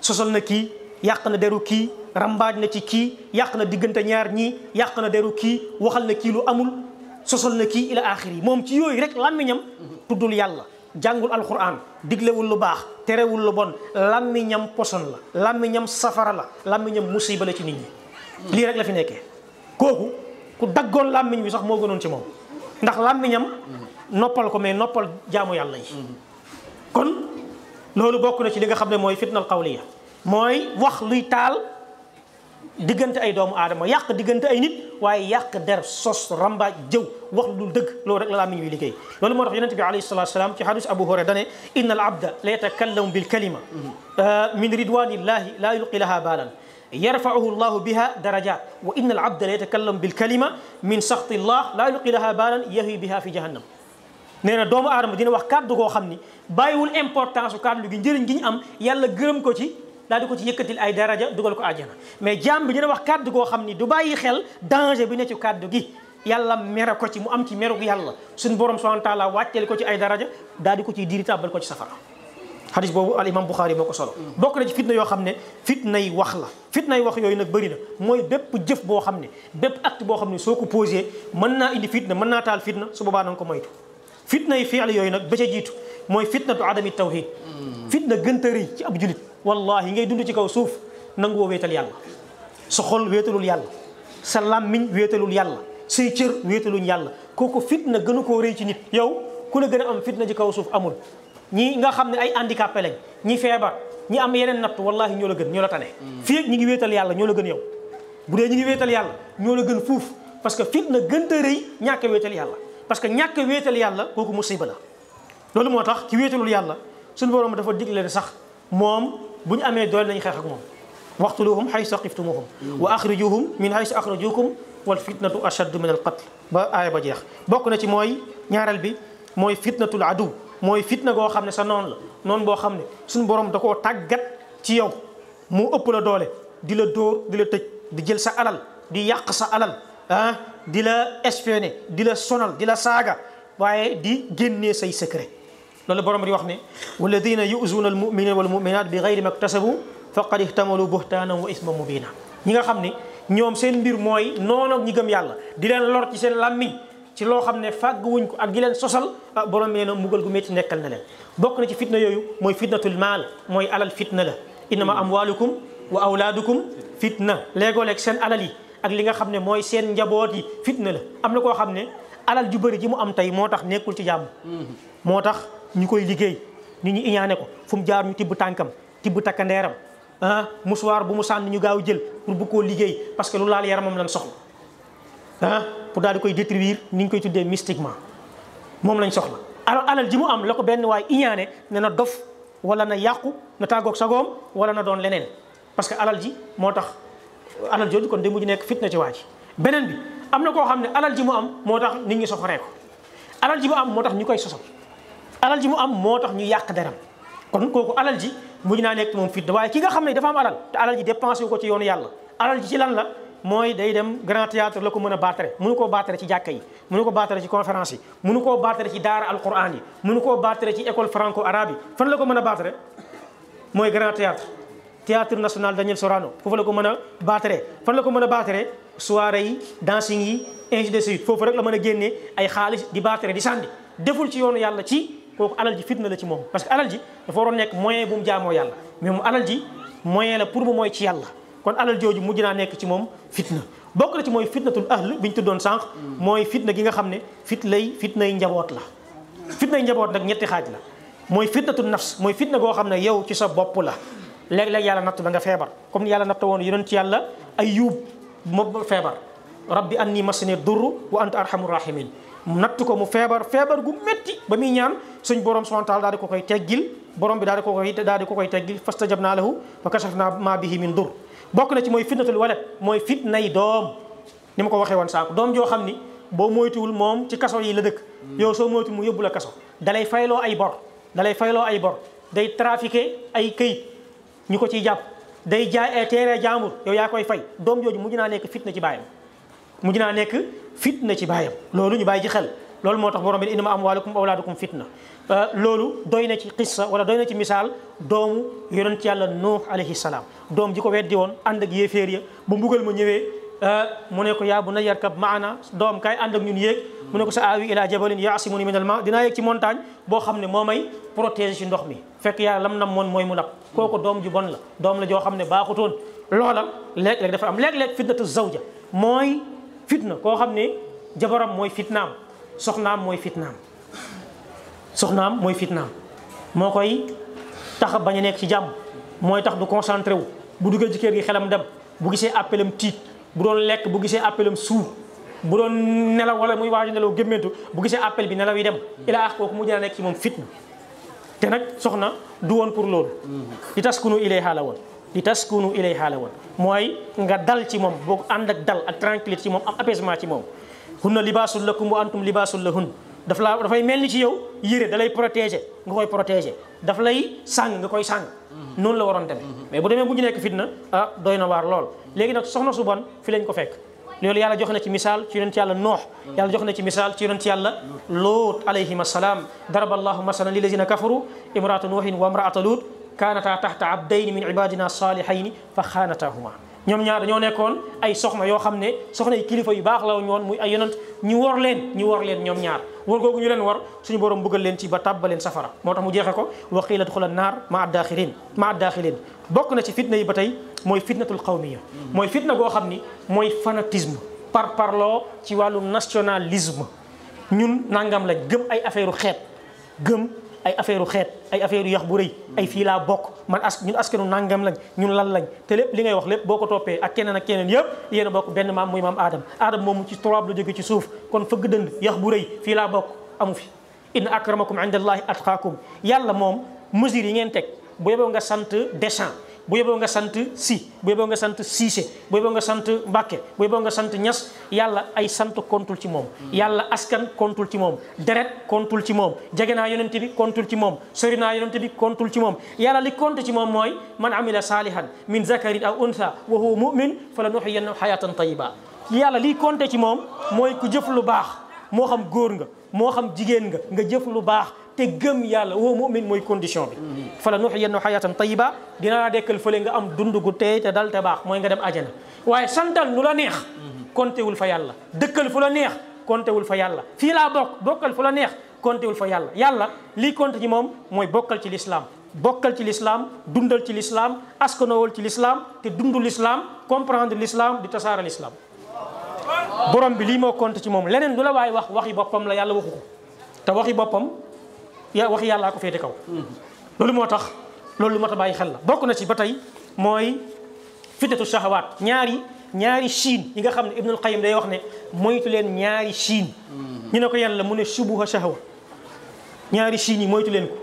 sosal na kii yàq na deru kii rambaaj na ci kii yàq na diggante ñaar ñii yàq na deru kii waxal na kii lu amul sosal na kii ila axir yi moom ci yooyu rek làmmiñam tuddul yàlla jàngul alquran diglewul lu baax terewul lu bon làmmiñam poson la làmmiñam safara la làmmiñam musiba la ci nit ñi lii rek la fi nekkee kooku ku daggoon làmmiñ bi sax moo gënoon ci moom ndax làmmiñam noppal ko mais noppal jaamu yàlla yi kon loolu bokk na ci li nga xam ne mooy fitnal qawliya mooy wax luy taal diggant ay doomu aadama yàq diggante ay nit waaye yàq der sos ramba jëw wax lu dul dëgg loolu rek la làmmiñ wi liggéey loolu moo tax yonente bi alayhi salatu wasalaam ci hadis abu hurayra dane inna la yatakallamu bil kalima mm-hmm. euh, min ridwanillahi la yulqi laha baalan yarfauhu llahu biha darajat wa inna al abda la yatakallamu bil kalima min saxti llah laa yulqi laha baalan yahwi biha fi jahannam nee na doomu aadama dina wax kàddu koo xam ni bàyyiwul importance su kàddu gi njëriñ gi ñu am yàlla gërëm ko ci daal di ko ci yëkkatil ay daraja dugal ko àjjana mais jaam bi dina wax kàddu koo xam ni du bàyyi xel danger bi ne ci kàddu gi yàlla mere ko ci mu am ci meru yàlla suñu borom subhanahu wa taala wàcceel ko ci ay daraja daal di ko ciy diiri tàbbal ko ci safara xadis boobu al imam Buxaari moo ko solo bokk na ci fitna yoo xam ne fitnay wax la fitnay wax yooyu nag bëri na mooy bépp jëf boo xam ne bépp at boo xam ne soo ko posé mën naa indi fitna mën naa taal fitna su boobaa baa nga ko moytu fitna yi fiil yooyu nag ba ca jiitu mooy fitnatu adami tawhid fitna gënta rëy ci ab julit wallahi ngay dund ci kaw suuf nangu woo wéetal yàlla sa xol yàlla sa làmmiñ wéetalul yàlla say cër wéetaluñ yàlla kooku fi gënu koo rëy ci nit yow ku la gën a am fitna ci kaw suuf amul ñi nga xam ne ay handicapé lañ ñi feebar ñi am yeneen natt wallahi ñoo la gën ñoo la tane. Mm. fii ak ñi ngi wéetal yàlla ñoo la gën yow bu dee ñi ngi wéetal yàlla ñoo la gën fuuf parce que fitna gën a rëy ñàkk a wéetal yàlla parce que ñàkk a wéetal yàlla kooku musiba la loolu moo tax ci wéetalul yàlla suñu borom dafa digle ne sax moom bu ñu amee doole nañ xeex ak moom waxtuluhum xaysu qiftumuhum wa axrijuhum min xaysu axrajukum wal fitnatu ashaddu min al qatl ba aaya ba jeex bokk na ci mooy ñaareel bi mooy fitnatul adu mooy fitna goo xam ne sa noonu la noon boo xam ne suñu borom da koo taggat ci yow moo ëpp la doole di la dóor di la tëj di jël sa alal di yàq sa alal ah di la espionner di la sonal di la saaga waaye di génnee say secret loolu borom di wax ne walladina na almuminina walmuminat bi gayri maktasabu faqad ihtamalu buhtaanan wa isma mubina ñi nga xam ne ñoom seen mbir mooy noonu ak ñi gëm yàlla di leen lor ci seen làmmiñ ci loo xam ne fàgg wuñ ko ak di leen sosal ah borom nee na mbugal gu métti nekkal na bokk na ci fitna yooyu mooy fitnatul maal mooy alal fitna la innama amwalukum wa awlaadukum fitna léegooleeg seen alal yi ak li nga xam ne mooy seen njaboot yi fitna la am na koo xam ne alal ju bëri ji mu am tey moo tax nekkul ci jàmm mm-hmm. moo tax ñu koy liggéey nit ñu iñaane ko fu mu jaar ñu tibb tànkam tibb takkandeeram ah musuwaar bu mu sànni ñu gaaw jël pour bu koo liggéey parce que lu laal yaramam lan soxla ah pour daal di koy détruire ni ñu koy tuddee mystiquement moom lañ soxla. alors alal ji mu am la ko benn waay iñaane ne na dof wala na yàqu na tàggoog sagoom wala na doon leneen parce que alal ji moo tax alal jooju kon day mujj nekk fitna ci waa ji beneen bi am na koo xam ne alal ji mu am moo tax nit ñi soxoree ko alal ji mu am moo tax ñu koy sosal alal ji mu am moo tax ñu yàq deram kon kooku alal ji mujj naa nekk moom fitna waaye ki nga xam ne dafa am alal te alal ji dépensé wu ko ci yoon yàlla alal ji ci lan la mooy day dem grand théâtre la ko mën a baatare mënu koo baatare ci jàkka yi mënu ko baatare ci conférence yi mënu koo baatare ci daara alquran yi mënu koo baatare ci école franco arabe yi fan la ko mën a baatare mooy grand théâtre théâtre national Daniel Sorano foofu la ko mën a baatare fan la ko mën a baatare soirée yi dancing yi ainsi de suite foofu rek la mën a génnee ay xaalis di baatare di sànni deful ci yoonu yàlla ci kooku alal ji fitna la ci moom parce que alal ji dafa waroon nekk moyen bu mu yàlla mais mu alal ji pour mu mooy ci yàlla kon alal jooju mujj naa nekk ci moom fitna bokk na ci mooy fitnatul ahl bi ñu tuddoon sànq. mooy fitna gi nga xam ne fit lay fitnay njaboot la. fitnay njaboot nag ñetti xaaj la mooy fitnatul nafs mooy fitna goo xam ne yow ci sa bopp la léeg-léeg yàlla nattu la nga feebar comme ni yàlla natt woon yonent ci yàlla ayub moom feebar. rabbi anni masani durru wa anta arhamur rahimin natt ko mu feebar feebar gu métti ba muy ñaan suñ borom subhanahu wa taala ko koy teggil borom bi daal di ko koy daal di ko koy teggil fastajabna lahu wa kashafna ma bihi min bokk na ci mooy fitnatul walad mooy fitnay doom ni ma ko waxee woon saako doom joo xam ni boo moytuwul moom ci kaso yi la dëkk yow soo moytuwul mu yóbbu la kaso dalay fayloo ay bor dalay fayloo ay bor day trafiqué ay këyit ñu ko ciy jàpp day jaay ay teere jaambur yow yaa koy fay doom jooju mujj naa nekk fitna ci baayam mujj naa nekk fitna ci baayam loolu ñu bàyyi ci xel loolu moo tax borom bi innama amwaalukum awlaadukum fitna Euh, loolu doy na ci xissa wala doy na ci misaal doomu ci yàlla nuux alayhi salaam doom ji ko weddi woon ànd ak yéeféer bu mbugal ma ñëwee euh, mu ne ko yaa bu na yarkab maana doom kaay ànd ak ñun yéeg mu ne ko sa aawi ilaa jabalin yaasimuni minal ma dinaa yéeg ci montagne boo xam ne moo may protéger ci ndox mi fekk yàlla lam nam moon mooy mu nap kooku doom ju bon la doom la joo xam ne baaxutoon loola léeg-léeg dafa am léeg-léeg fitnatu zawja mooy fitna koo xam ne jabaram mooy fitnaam soxnaam mooy fitnaam soxnaam mooy fitnaam moo koy tax bañ a nekk ci jàmm mooy tax du concentré wu bu duggee ci kër gi xelam dem bu gisee appelam tiit bu doon lekk bu gisee appelam suur bu doon nelaw wala muy waaju nelaw gémmentu bu gisee appel bi nelaw yi dem ilaa ax kooku mu jëna nekk ci moom fitna te nag soxna du woon pour loolu mm-hmm. li nu ilayha la woon li taskunu ilayha la woon mooy nga dal ci moom boo ànd ak dal ak tranquillité ci moom am apaisement ci moom hunna libaasul libaasul lahun daf laa dafay mel ni ci yow yére da lay protéger nga koy protéger daf lay sàng nga koy sàng mhm. noonu la waroon dem mhm. mais bu demee bu ñu nekk fitna ah doy na waar lool léegi nag soxna su bon fi lañ ko fekk loolu yàlla jox na ci misaal ci yonent yàlla noox mhm. yàlla jox na ci misaal ci yonent yàlla loot alayhim assalaam daraba allahu masalan lilazina kafaru imraata nuuhin wa imraata luut kaanataa taxta abdayni min ibadina salihayni fa xaanatahuma ñoom ñaar dañoo nekkoon ay soxna yoo xam ne soxna yi kilifa yu baax la woon muy ay yonent ñu war leen ñu war leen ñoom ñaar war googu ñu leen war suñu borom bëggal leen ci ba tàbbaleen safara moo tax mu jeexee ko wa qiila dxula naar ma addaaxilin ma addaaxilin bokk na ci fitna yi ba tey mooy fitnatul qawmiya mooy fitna goo xam ni mooy fanatisme par parloo ci wàllu nationalisme ñun nangam lañ gëm ay affaire u xeet gëm ay affaire u xeet ay affaire u yax bu rëy ay fii laa bokk man as ñun askanu nangam lañ ñun lan lañ te lépp li ngay wax lépp boo ko toppee ak keneen a keneen yëpp yéen a bokk benn maam muy maam aadam aadam moom ci turaab la ci suuf kon fëgg dënd yax bu rëy fii laa bokk amu fi inna akramakum at atqaakum yàlla moom mesure yi ngeen teg bu yeboo nga sant décent bu yeboo nga sant si bu yeboo nga sant siise bu yeboo nga sant mbàkke bu yeboo nga sant ñas yàlla ay sant kontul ci moom hmm. yàlla askan kontul ci moom deret kontul ci moom jege naa yonente bi kontul ci moom sori naa yonente bi kontul ci moom yàlla li compte ci moom mooy man amila saalihan min zakarin aw untha wa huwa mumin fa la nuxiyannahu xayatan tayiba yàlla liy compte ci moom mooy ku jëf lu baax moo xam góor nga moo xam jigéen nga nga jëf lu baax te gëm yàlla woo mu'min mooy condition bi fala nuux yenn xayaatan tayiba dina la dekkal fële nga am dund gu tey te dal te baax mooy nga dem ajana waaye santal nu la neex kontewul fa yàlla dëkkal fu la neex kontewul fa yàlla fii laa bokk bokkal fu la neex kontewul fa yàlla yàlla lii compte ci moom mooy bokkal ci lislaam bokkal ci lislaam dundal ci lislaam askanowal ci lislaam te dundu lislaam comprendre lislaam di tasaara lislaam borom bi lii moo compte ci moom leneen lu la waaye wax waxi boppam la yàlla waxu ko te waxi boppam ya wax yàllaa ko féete kaw. Mm-hmm. loolu moo tax loolu lu mat a bàyyi xel la bokk na ci ba tey mooy fitnatu shahawaat ñaari ñaari chiin yi nga xam ne Ibnul Qayyim day wax ne moytu leen ñaari chiin. Mm-hmm. ñu ne ko yan mu ne subuha shahawa ñaari chiin yi moytu leen ko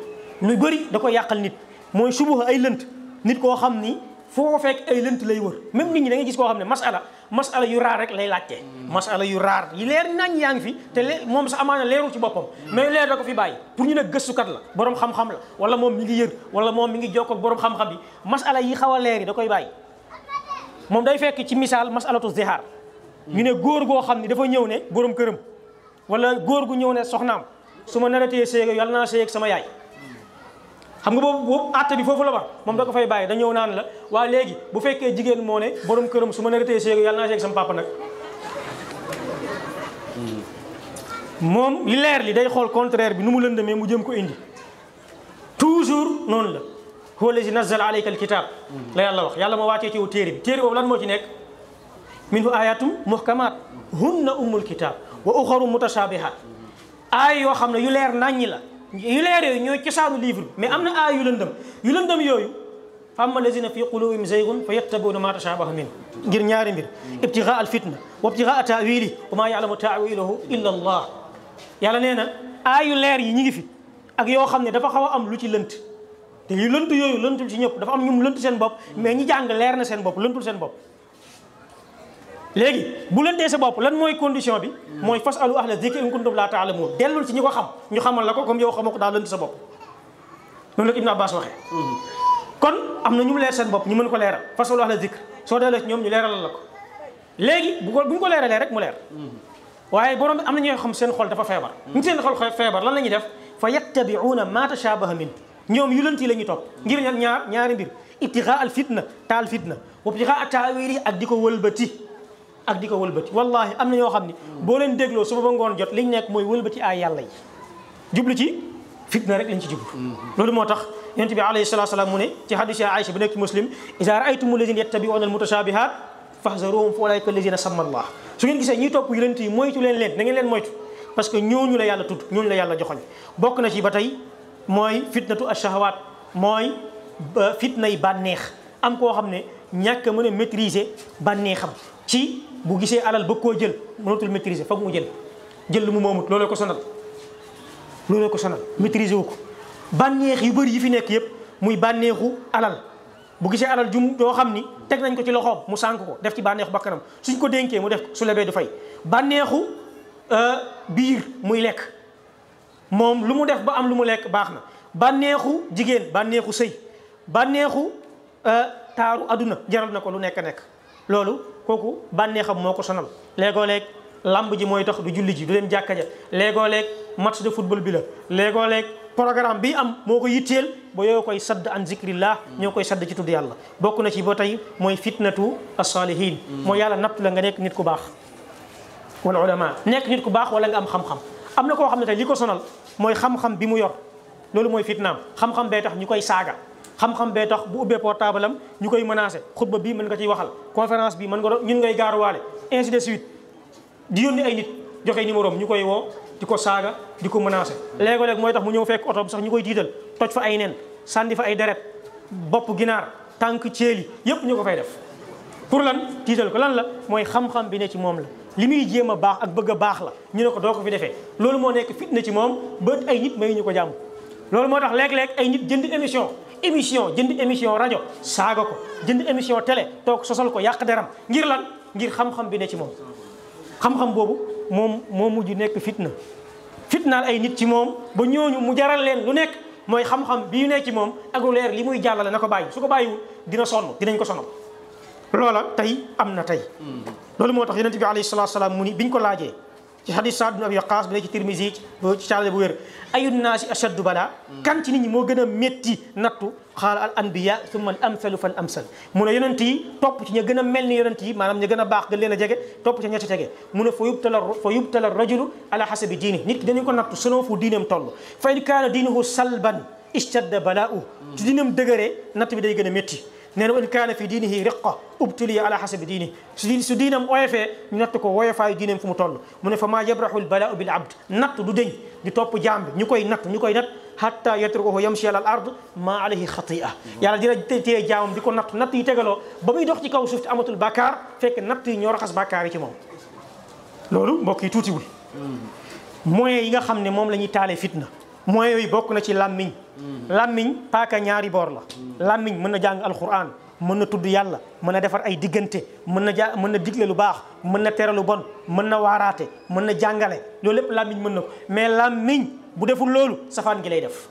lu bëri da ko yàqal nit mooy subuha ay lënt nit koo xam ni. foo fekk ay lënt lay wër même nit ñi da ngay gis koo xam ne masala masala yu raar rek lay laajte masala yu raar yi leer nañ yaa ngi fi te le moom sa amaana leerul ci boppam mais leer da ko fi bàyyi pour ñu ne gëstukat la boroom xam-xam la wala moom mi ngi yër wala moom mi ngi jokkoo ak borom xam-xam bi masala yi xaw a leer yi da koy bàyyi moom day fekk ci misaal masalatu zihar ñu ne góor goo xam ne dafa ñëw ne borom këram wala góor gu ñëw ne soxnaam su ma naratee séega yàlla naa séeg sama yaay xam boobu boobu àtte bi foofu la moom da ko fay bàyyi da ñëw naan la waa léegi bu fekkee jigéen moo ne borom këram su ma ne retee séeg yàlla naa seeg sama papa li leer li day xool contraire bi nu mu lëndamee mu jëm ko indi toujours noonu la huwa allazi nazzala alayka alkitab la yàlla wax yàlla moo wàccee ci yow bi téere boobu lan moo ci nekk minhu ayatum muhkamat hunna ummul kitab wa uxaru mutashabihat aay yoo xam ne yu leer naññi la yu leer yooyu ci cosaanu livre bi mais am na aay yu lëndëm yu lëndëm yooyu fa amma lazina fi qulubihim zaygun fa yattabi'una ma tashabaha min ngir ñaari mbir ibtigaa al fitna wa ibtigaa taawili wa ma ya'lamu taawilahu illa allah yàlla nee na aay yu leer yi ñi ngi fi ak yoo xam ne dafa xaw a am lu ci lënt te yu lënt yooyu lëntul ci ñëpp dafa am ñum lënt seen bopp mais ñi jàng leer na seen bopp lëntul seen bopp léegi bu leen dee sa bopp lan mooy condition bi mooy fas alu ahla zikri in kuntum laa taalamuun dellul ci ñi ko xam ñu xamal la ko comme yow xamoo ko daal sa bopp ñu mu leer ko leeral fas alu ahla zikri soo delloo ci ñoom ñu leeral la ko léegi bu ko bu ñu ko leeralee rek mu leer waaye borom bi am na ñoo xam seen xol dafa feebar ñu seen xol feebar lan la ñuy def fa yattabiuuna ma tashabaha min ñoom yu lënt yi topp ngir ñaari mbir ibtigaa al fitna taal fitna wa ibtigaa at taawili ak di ko wëlbati ak di ko wëlbati wallahi am na ñoo xam ni boo leen dégloo suba ba ngoon jot liñ nekk mooy wëlbati ay yàlla jublu ci fitna rek lañ ci jublu mm-hmm. loolu moo tax yonent bi alayhi salatu salaam mu ne ci hadis ya Aïcha bi nekk ci muslim iza raaytum allazina yattabi'una almutashabihat allah su ngeen gisee ñuy topp yonent yi moytu leen leen na ngeen leen moytu parce que ñooñu la yàlla tudd ñooñu la yàlla joxoñ bokk na ci ba tey mooy fitnatu ashahawat mooy fitnay bànneex am koo xam ne a a maîtriser bu gisee alal ba koo jël mënatul maîtriser foog mu jël jël lu mu moomut looloo ko sonal looloo ko sonal maîtriser wu ko bànneex yu bëri yi fi nekk yëpp muy bànneexu alal bu gisee alal jum yoo xam ni teg nañ ko ci loxoom mu sànk ko def ci bànneexu bakkanam suñ ko dénkee mu def su lebee du fay bànneexu euh, biir muy lekk moom lu mu def ba am lu mu lekk baax na bànneexu jigéen bànneexu sëy bànneexu euh, taaru àdduna jaral na ko lu nekk nekk loolu kooku bànneexam moo ko sonal léegoo-léeg lamb ji mooy tax du julli ji du dem jàkka ja léegoo-léeg match de football bi la léegoo-léeg programme bi am moo ko yitteel ba yoo koy sadd an zikrillah ñoo koy sadd ci tudd yàlla bokk na ci ba tey mooy fitnatu as-salihin mm. mooy yàlla natt la nga nekk nit ku baax wala ulama nekk nit ku baax wala nga am xam-xam am na koo xam ne tey li ko sonal mooy xam-xam bi mu yor loolu mooy fitnaam xam-xam bee tax ñu koy saaga xam-xam bee tax bu ubbee portable am ñu koy menacé xutba bii mën nga ciy waxal conférence bi mën nga ñun ngay gaaruwaale ainsi de suite di yónni ay nit joxe numéro ñu koy woo di ko saaga di ko menacé léego-léeg mooy tax mu ñëw fekk oto sax ñu koy tiital toj fa ay nen sànni fa ay deret bopp ginaar tànk ceeli yépp ñu ko fay def pour lan tiital ko lan la mooy xam-xam bi ne ci moom la li muy jéem a baax ak bëgg baax la ñu ne ko doo ko fi defee loolu moo nekk fitna ci moom ba ay nit may ñu ko jàmm loolu moo tax léeg-léeg ay nit jënd émission émission jënd émission rajo saaga ko jënd émission télé toog sosal ko yàq deram ngir lan ngir xam-xam bi ne ci moom xam-xam boobu moom moo mujj nekk fitna fitnaal ay nit ci moom ba ñooñu mu jaral leen lu nekk mooy xam-xam bi nekk ci moom ak lu leer li muy jàllale na ko bàyyi su ko bàyyiwul dina sonn dinañ ko sonal loola tey am na tey mm-hmm. loolu moo tax yonent bi alayhi salaatu wa salaam mu ni biñ ko laajee ci hadis Saad bin Abi Waqaas bi ne ci Tirmisi ci càllale bu wér ayu naasi ashaddu bala kan ci nit ñi moo gën a métti nattu xaala al anbiya summa al amsalu fal amsal mu ne yonent yi topp ci ña gën a mel ni yonent yi maanaam ña gën a baax gën leen a jege topp ci ña ca jege mu ne fa yubtala fa yubtala rajulu ala hasabi diini nit ki dañu ko nattu selon fu diineem toll fa in kaana diinuhu salban ishtadda balaahu ci diineem dëgëree natt bi day gën a métti nee na in kaana fi diinihi riqa ubtuliya ala hasabi diini su su diinam oyofee ñu natt ko woyofaayu diinam fu mu toll mu ne fa maa yabrahu lbalaau bil abd natt du deñ di topp jaam bi ñu koy natt ñu koy natt hatta yatrukahu yamshi ala al ard maa alayhi xatia yàlla dina téye jaamam di ko natt natt yi tegaloo ba muy dox ci kaw suuf te amatul bàkkaar fekk natt yi ñoo raxas bàkkaar yi ci moom loolu mbokk yi tuutiwul hmm. moyens yi nga xam ne moom la ñuy taalee fitna mooy yooyu bokk na ci làmmiñ mm. làmmiñ paaka ñaari boor la mm. làmmiñ mën na jàng alquran mën na tudd yàlla mën na defar ay diggante mën na ja mën na digle lu baax mën na tere lu bon mën na waaraate mën na jàngale loolu lépp làmmiñ mën na ko mais làmmiñ bu deful loolu safaan gi lay def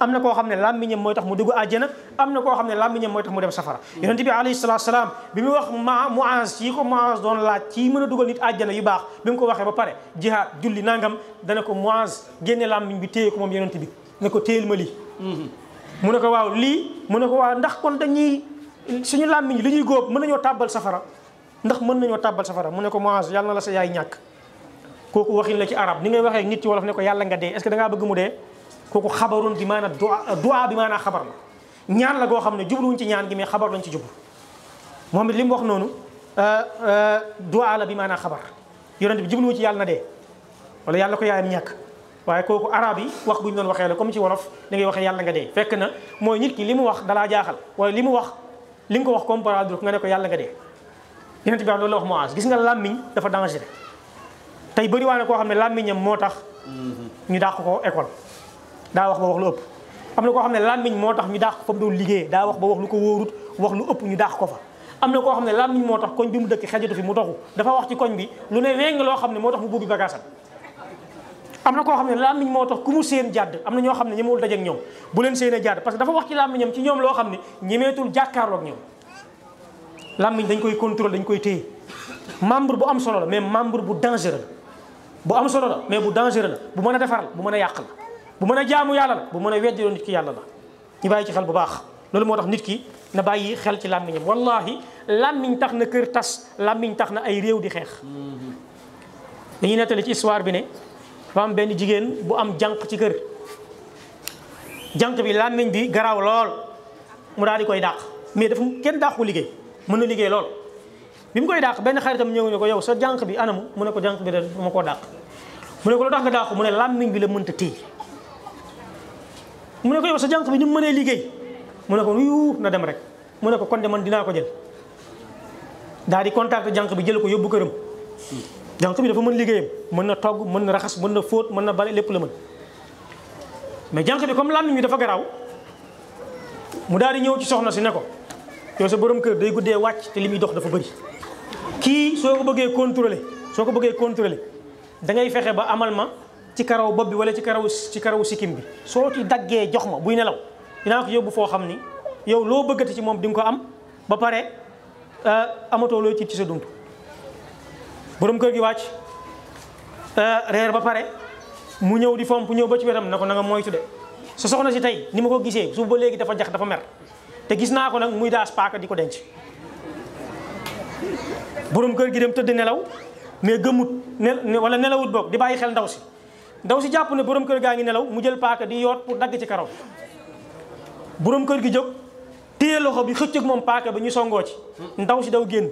am na koo xam ne làmmiñam mooy tax mu dugg àjjana am na koo xam ne làmmiñam mooy tax mu dem safara yonente bi alayhi salaatu salaam bi mu wax ma Muaz yi ko Muaz doon laaj ci mën a dugal nit àjjana yu baax bi mu ko waxee ba pare jihaad julli nangam dana ko Muaz génne làmmiñ bi téye ko moom yonente bi ne ko téyel ma lii mm-hmm. mu ne ko waaw lii mu ne ko waaw ndax kon dañuy suñu làmmiñ li ñuy góob mën nañoo tàbbal safara ndax mën nañoo tàbbal safara mu ne ko Muaz yàlla na ñàkk kooku waxin la ci arab ni ngay ne ko yàlla nga dee est bëgg mu dee kooku xabarun bi maanaa du'a du'a bi maanaa xabar la ñaan la goo xam ne jubluwuñ ci ñaan gi mais xabar lañ ci jublu moom it li mu wax noonu euh, euh, du'a la bi maanaa xabar yonent bi jubluwu ci yàlla na dee wala yàlla ko yaayam ñàkk waaye kooku arab yi wax guñ doon waxee la comme ci wolof da ngay waxee yàlla nga dee fekk na mooy nit ki li mu wax dalaa jaaxal wala li mu wax li nga ko wax comprendre nga ne ko yàlla nga dee yonent bi loolu la wax Muaz gis nga làmmiñ dafa dangereux tey bëri waa koo xam ne làmmiñam moo tax mm-hmm. ñu dàq ko école daa wax ba wax lu ëpp am na koo xam ne làmmiñ moo tax ñu daax ko fa mu doon wax ba wax lu ko wóorut wax lu ñu daax ko fa am na koo xam ne làmmiñ moo tax koñ bi mu dëkk xajatu fi mu doxu dafa wax ci koñ bi lu ne weng loo xam ne moo tax mu buubi bagaasam am na koo xam ne làmmiñ moo tax ku mu seen jàdd am na ñoo xam ne ñemewul dajeek ñoom bu leen seen a jàdd parce que dafa wax ci làmmiñam ci ñoom loo xam ne ñemeetul jàkkaarloog ñoom làmmiñ dañ koy contrôler dañ koy téye membre bu am solo la mais membre bu dangereux la bu am solo la mais bu dangereux la bu mën a defar bu mën a yàq la bu mën a jaamu yàlla la bu mën a weddiloo nit ki yàlla la ñu bàyyi ci xel bu baax loolu moo tax nit ki na bàyyi xel ci làmmiñam wallahi làmmiñ tax na kër tas làmmiñ tax na ay réew di xeex mm-hmm. dañuy nettali ci histoire bi ne fa am benn jigéen bu am jànq ci kër jànq bi làmmiñ bi garaaw lool mu daal di koy dàq mais dafa kenn dàq ko liggéey mën na liggéey lool bi mu koy dàq benn xaritam ñëw ne ko yow sa jànq bi anamu mu ne ko jànq bi de ma koo dàq mu ne ko lu làmmiñ bi la mënta téye mu ne ko yow sa jànq bi ni mu mënee liggéey mu ne ko yuu na dem rek mu ne ko kon de man dinaa ko jël daal di contacté jànq bi jël ko yóbbu këram jànq bi dafa mën liggéeyam mën na togg mën na raxas mën na fóot mën na bale lépp la mën mais jànq bi comme lan ñu dafa garaaw mu daal di ñëw ci soxna si ne ko yow sa borom kër day guddee wàcc te li muy dox dafa bëri kii soo ko bëggee contrôler soo ko bëggee contrôler da ngay fexe ba amal ma ci karaw bopp bi wala ci karaw ci karaw sikkim bi soo ci daggee jox ma buy nelaw dinaa ko yóbbu foo xam ni yow loo bëggati ci moom di nga ko am ba pare euh, amatoo looy tiit ci sa dund boroom kër gi wàcc euh, reer ba pare mu ñëw di fomp ñëw ba ci wetam na ko na de sa si tey ni ma ko gisee su ba léegi dafa jax dafa mer te gis naa ko nag muy daas paaka di ko denc borom kër gi dem tëdd nelaw mais gëmut ne wala nelawut boog di bàyyi xel ndaw si ndaw si jàpp ne boroom kër gaa ngi nelaw mu jël paaka di yoot pour dagg ci karaw borom kër gi jóg téye loxo bi xëcc ak moom paaka ba ñu songoo ci ndaw si daw génn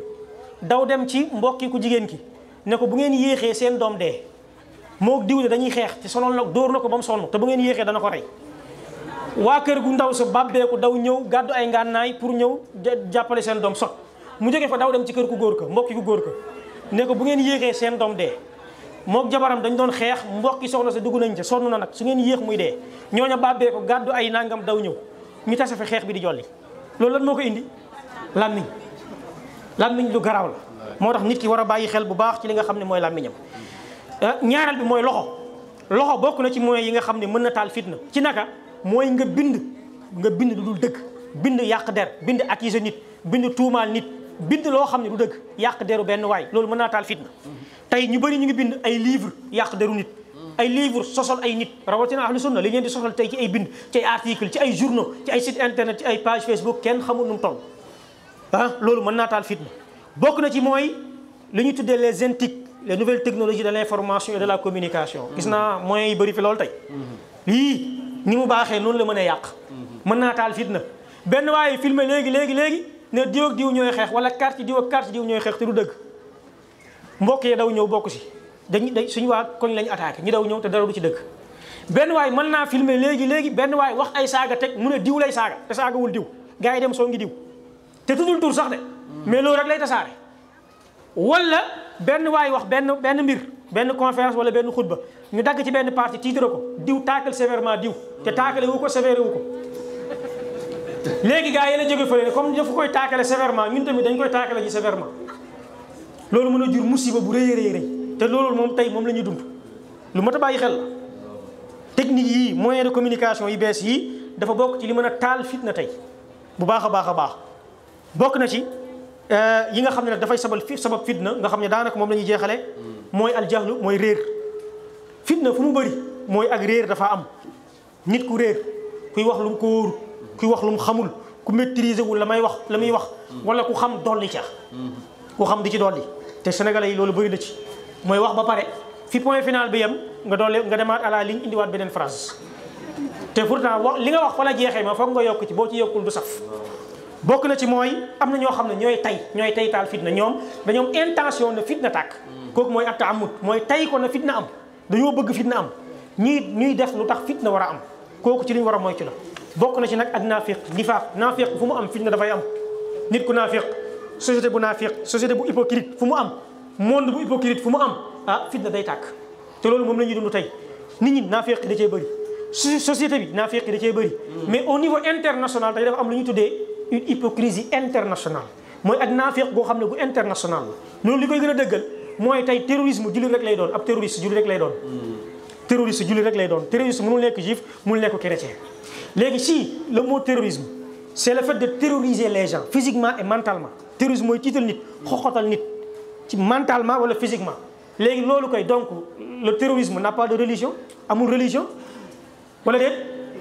daw dem ci mbokki ku jigéen ki ne ko bu ngeen yéexee seen doom dee moo diw dañuy xeex ci sonal na dóor na ko ba mu sonn te bu ngeen yéexee dana ko rey waa kër gu ndaw sa bàbbeeku daw ñëw gàddu ay ngànnaay pour ñëw jàppale seen doom sot mu jógee fa daw dem ci kër ku góor ka mbokki ku góor ka ne ko bu ngeen yéexee seen doom dee mook jabaram dañ doon xeex mbokki soxna sa dugg nañ ca sonn na nag su ngeen yéex muy dee ñooña bàbbee ko gàddu ay nangam daw ñëw ñu tase fa xeex bi di jolli loolu lan moo ko indi làmmiñ làmmiñ lu garaaw la moo tax nit ki war a bàyyi xel bu baax ci li nga xam ne mooy làmmiñam eh, ñaareel bi mooy loxo loxo bokk na ci moyens yi nga xam ne mën na taal fitna ci naka mooy nga bind nga bind lu dul dëgg bind yàq der bind accuser nit bind tuumaal nit bind loo xam ne du dëgg yàq deru benn waay loolu mën naa taal tey ñu bëri ñu ngi bind ay livre yàq deru nit ay livre sosal ay nit rawatina ahlu sunna li ngeen di sosal tey ci ay bind ci ay article ci ay journaux ci ay site internet ci ay page Facebook kenn xamul nu mu ah, loolu mën naa taal fitna bokk na ci mooy lu ñu tuddee les NTIC les nouvelles technologies de l'information et de la communication gis naa moyens yi bëri fi loolu tey lii ni mu baaxee noonu la mën a yàq mën naa taal fitna benn waaye filmé léegi léegi léegi ne diw ak diw ñooy xeex wala carte diw ak carte diw mbokk yi daw ñëw bokk si dañu dañ suñu waa koñ lañu attaqué ñu daw ñëw te dara du ci dëkk benn waay mën naa filmer léegi léegi benn waay wax ay saaga teg mu ne diw lay saaga te saagawul diw gars yi dem soo ngi diw te tuddul tur sax de mais loolu rek lay tasaare wala benn waay wax benn benn mbir benn conférence wala benn xutba ñu dagg ci benn parti titre ko diw taakal sévèrement diw te taakale wu ko sévère wu ko léegi gars yi la jóge fële ne comme dafa koy taakale sévèrement ñun loolu mën a jur musiba bu rëy rëy rëy te loolool moom tey moom la ñuy dund lu mat a bàyyi xel la technique yii moyen de communication yi bees yi dafa bokk ci li mën a taal fitna tey bu baax a baax a baax bokk na ci euh, yi nga xam ne nag dafay sabal fi sabab fitna nga xam ne daanaka moom la ñuy jeexale mooy aljahlu mooy réer fitna fu mu bëri mooy ak réer dafa am nit ku réer kuy wax lu mu ko kuy wax lu xamul ku maîtriser wul la may wax la muy wax wala ku xam dolli ca ku xam di ci dolli te sénégal yi loolu bëri na ci mooy wax ba pare fi point final bi yam nga doole nga demaat à la ligne indiwaat beneen phrase te pourtant wax li nga wax fa jeexee ma foog nga yokk ci boo ci yokkul du saf bokk na ci mooy am na ñoo xam ne ñooy tey ñooy tey taal fitna ñoom dañoom intention na fitna tàkk kooku mooy at taamut mooy tay ko na fitna am dañoo bëgg fitna am ñuy ñuy def lu tax fitna war a am kooku ci liñ war a moytu la bokk na ci nag ak naafiq nifaaq naafiq fu mu am fitna dafay am nit ku naafiq société bu naafiq société bu hypocrite fu mu am monde bu hypocrite fu mu am ah fitna day tàkk te loolu moom la ñuy dund tey nit ñi naafiq da cee bëri société bi naafiq da cee bëri hmm. mais au niveau international tey dafa am lu ñuy tuddee une hypocrisie internationale mooy ak naafiq boo xam ne bu international loolu li koy gën dëggal mooy tey terrorisme jullit rek lay doon ab terroriste jullit rek lay doon hmm. terroriste jullit rek lay doon terroriste mënul nekk juif mënul nekk chrétien léegi si le mot terrorisme c'est le fait les gens physiquement et mentalement terrorisme mooy tiital nit xoxotal nit ci mentalement wala physiquement léegi loolu koy donc le terrorisme n'a pas de religion amul religion wala déet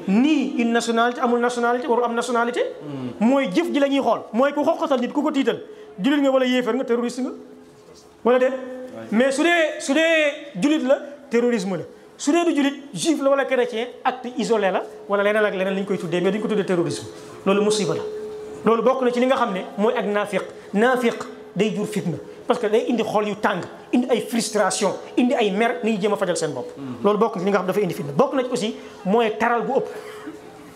nii une nationalité amul nationalité waru am nationalité hmm. mooy jëf ji la ñuy xool mooy ku xoxotal nit ku ko tiital jullit nga wala yéefar nga terroriste nga wala déet mais su dee su dee jullit la terrorisme la su dee du jullit juif la wala chrétien acte isolé la wala leneen ak leneen li ñu koy tuddee mais duñ ko tuddee loolu bokk na ci li nga xam ne mooy ak naafiq naafiq day jur fitna parce que day indi xool yu tàng indi ay frustration indi ay mer nit ñi jéem fajal seen bopp. Mm-hmm. loolu bokk na ci li nga xam dafa indi fitna bokk na ci aussi mooy taral gu ëpp.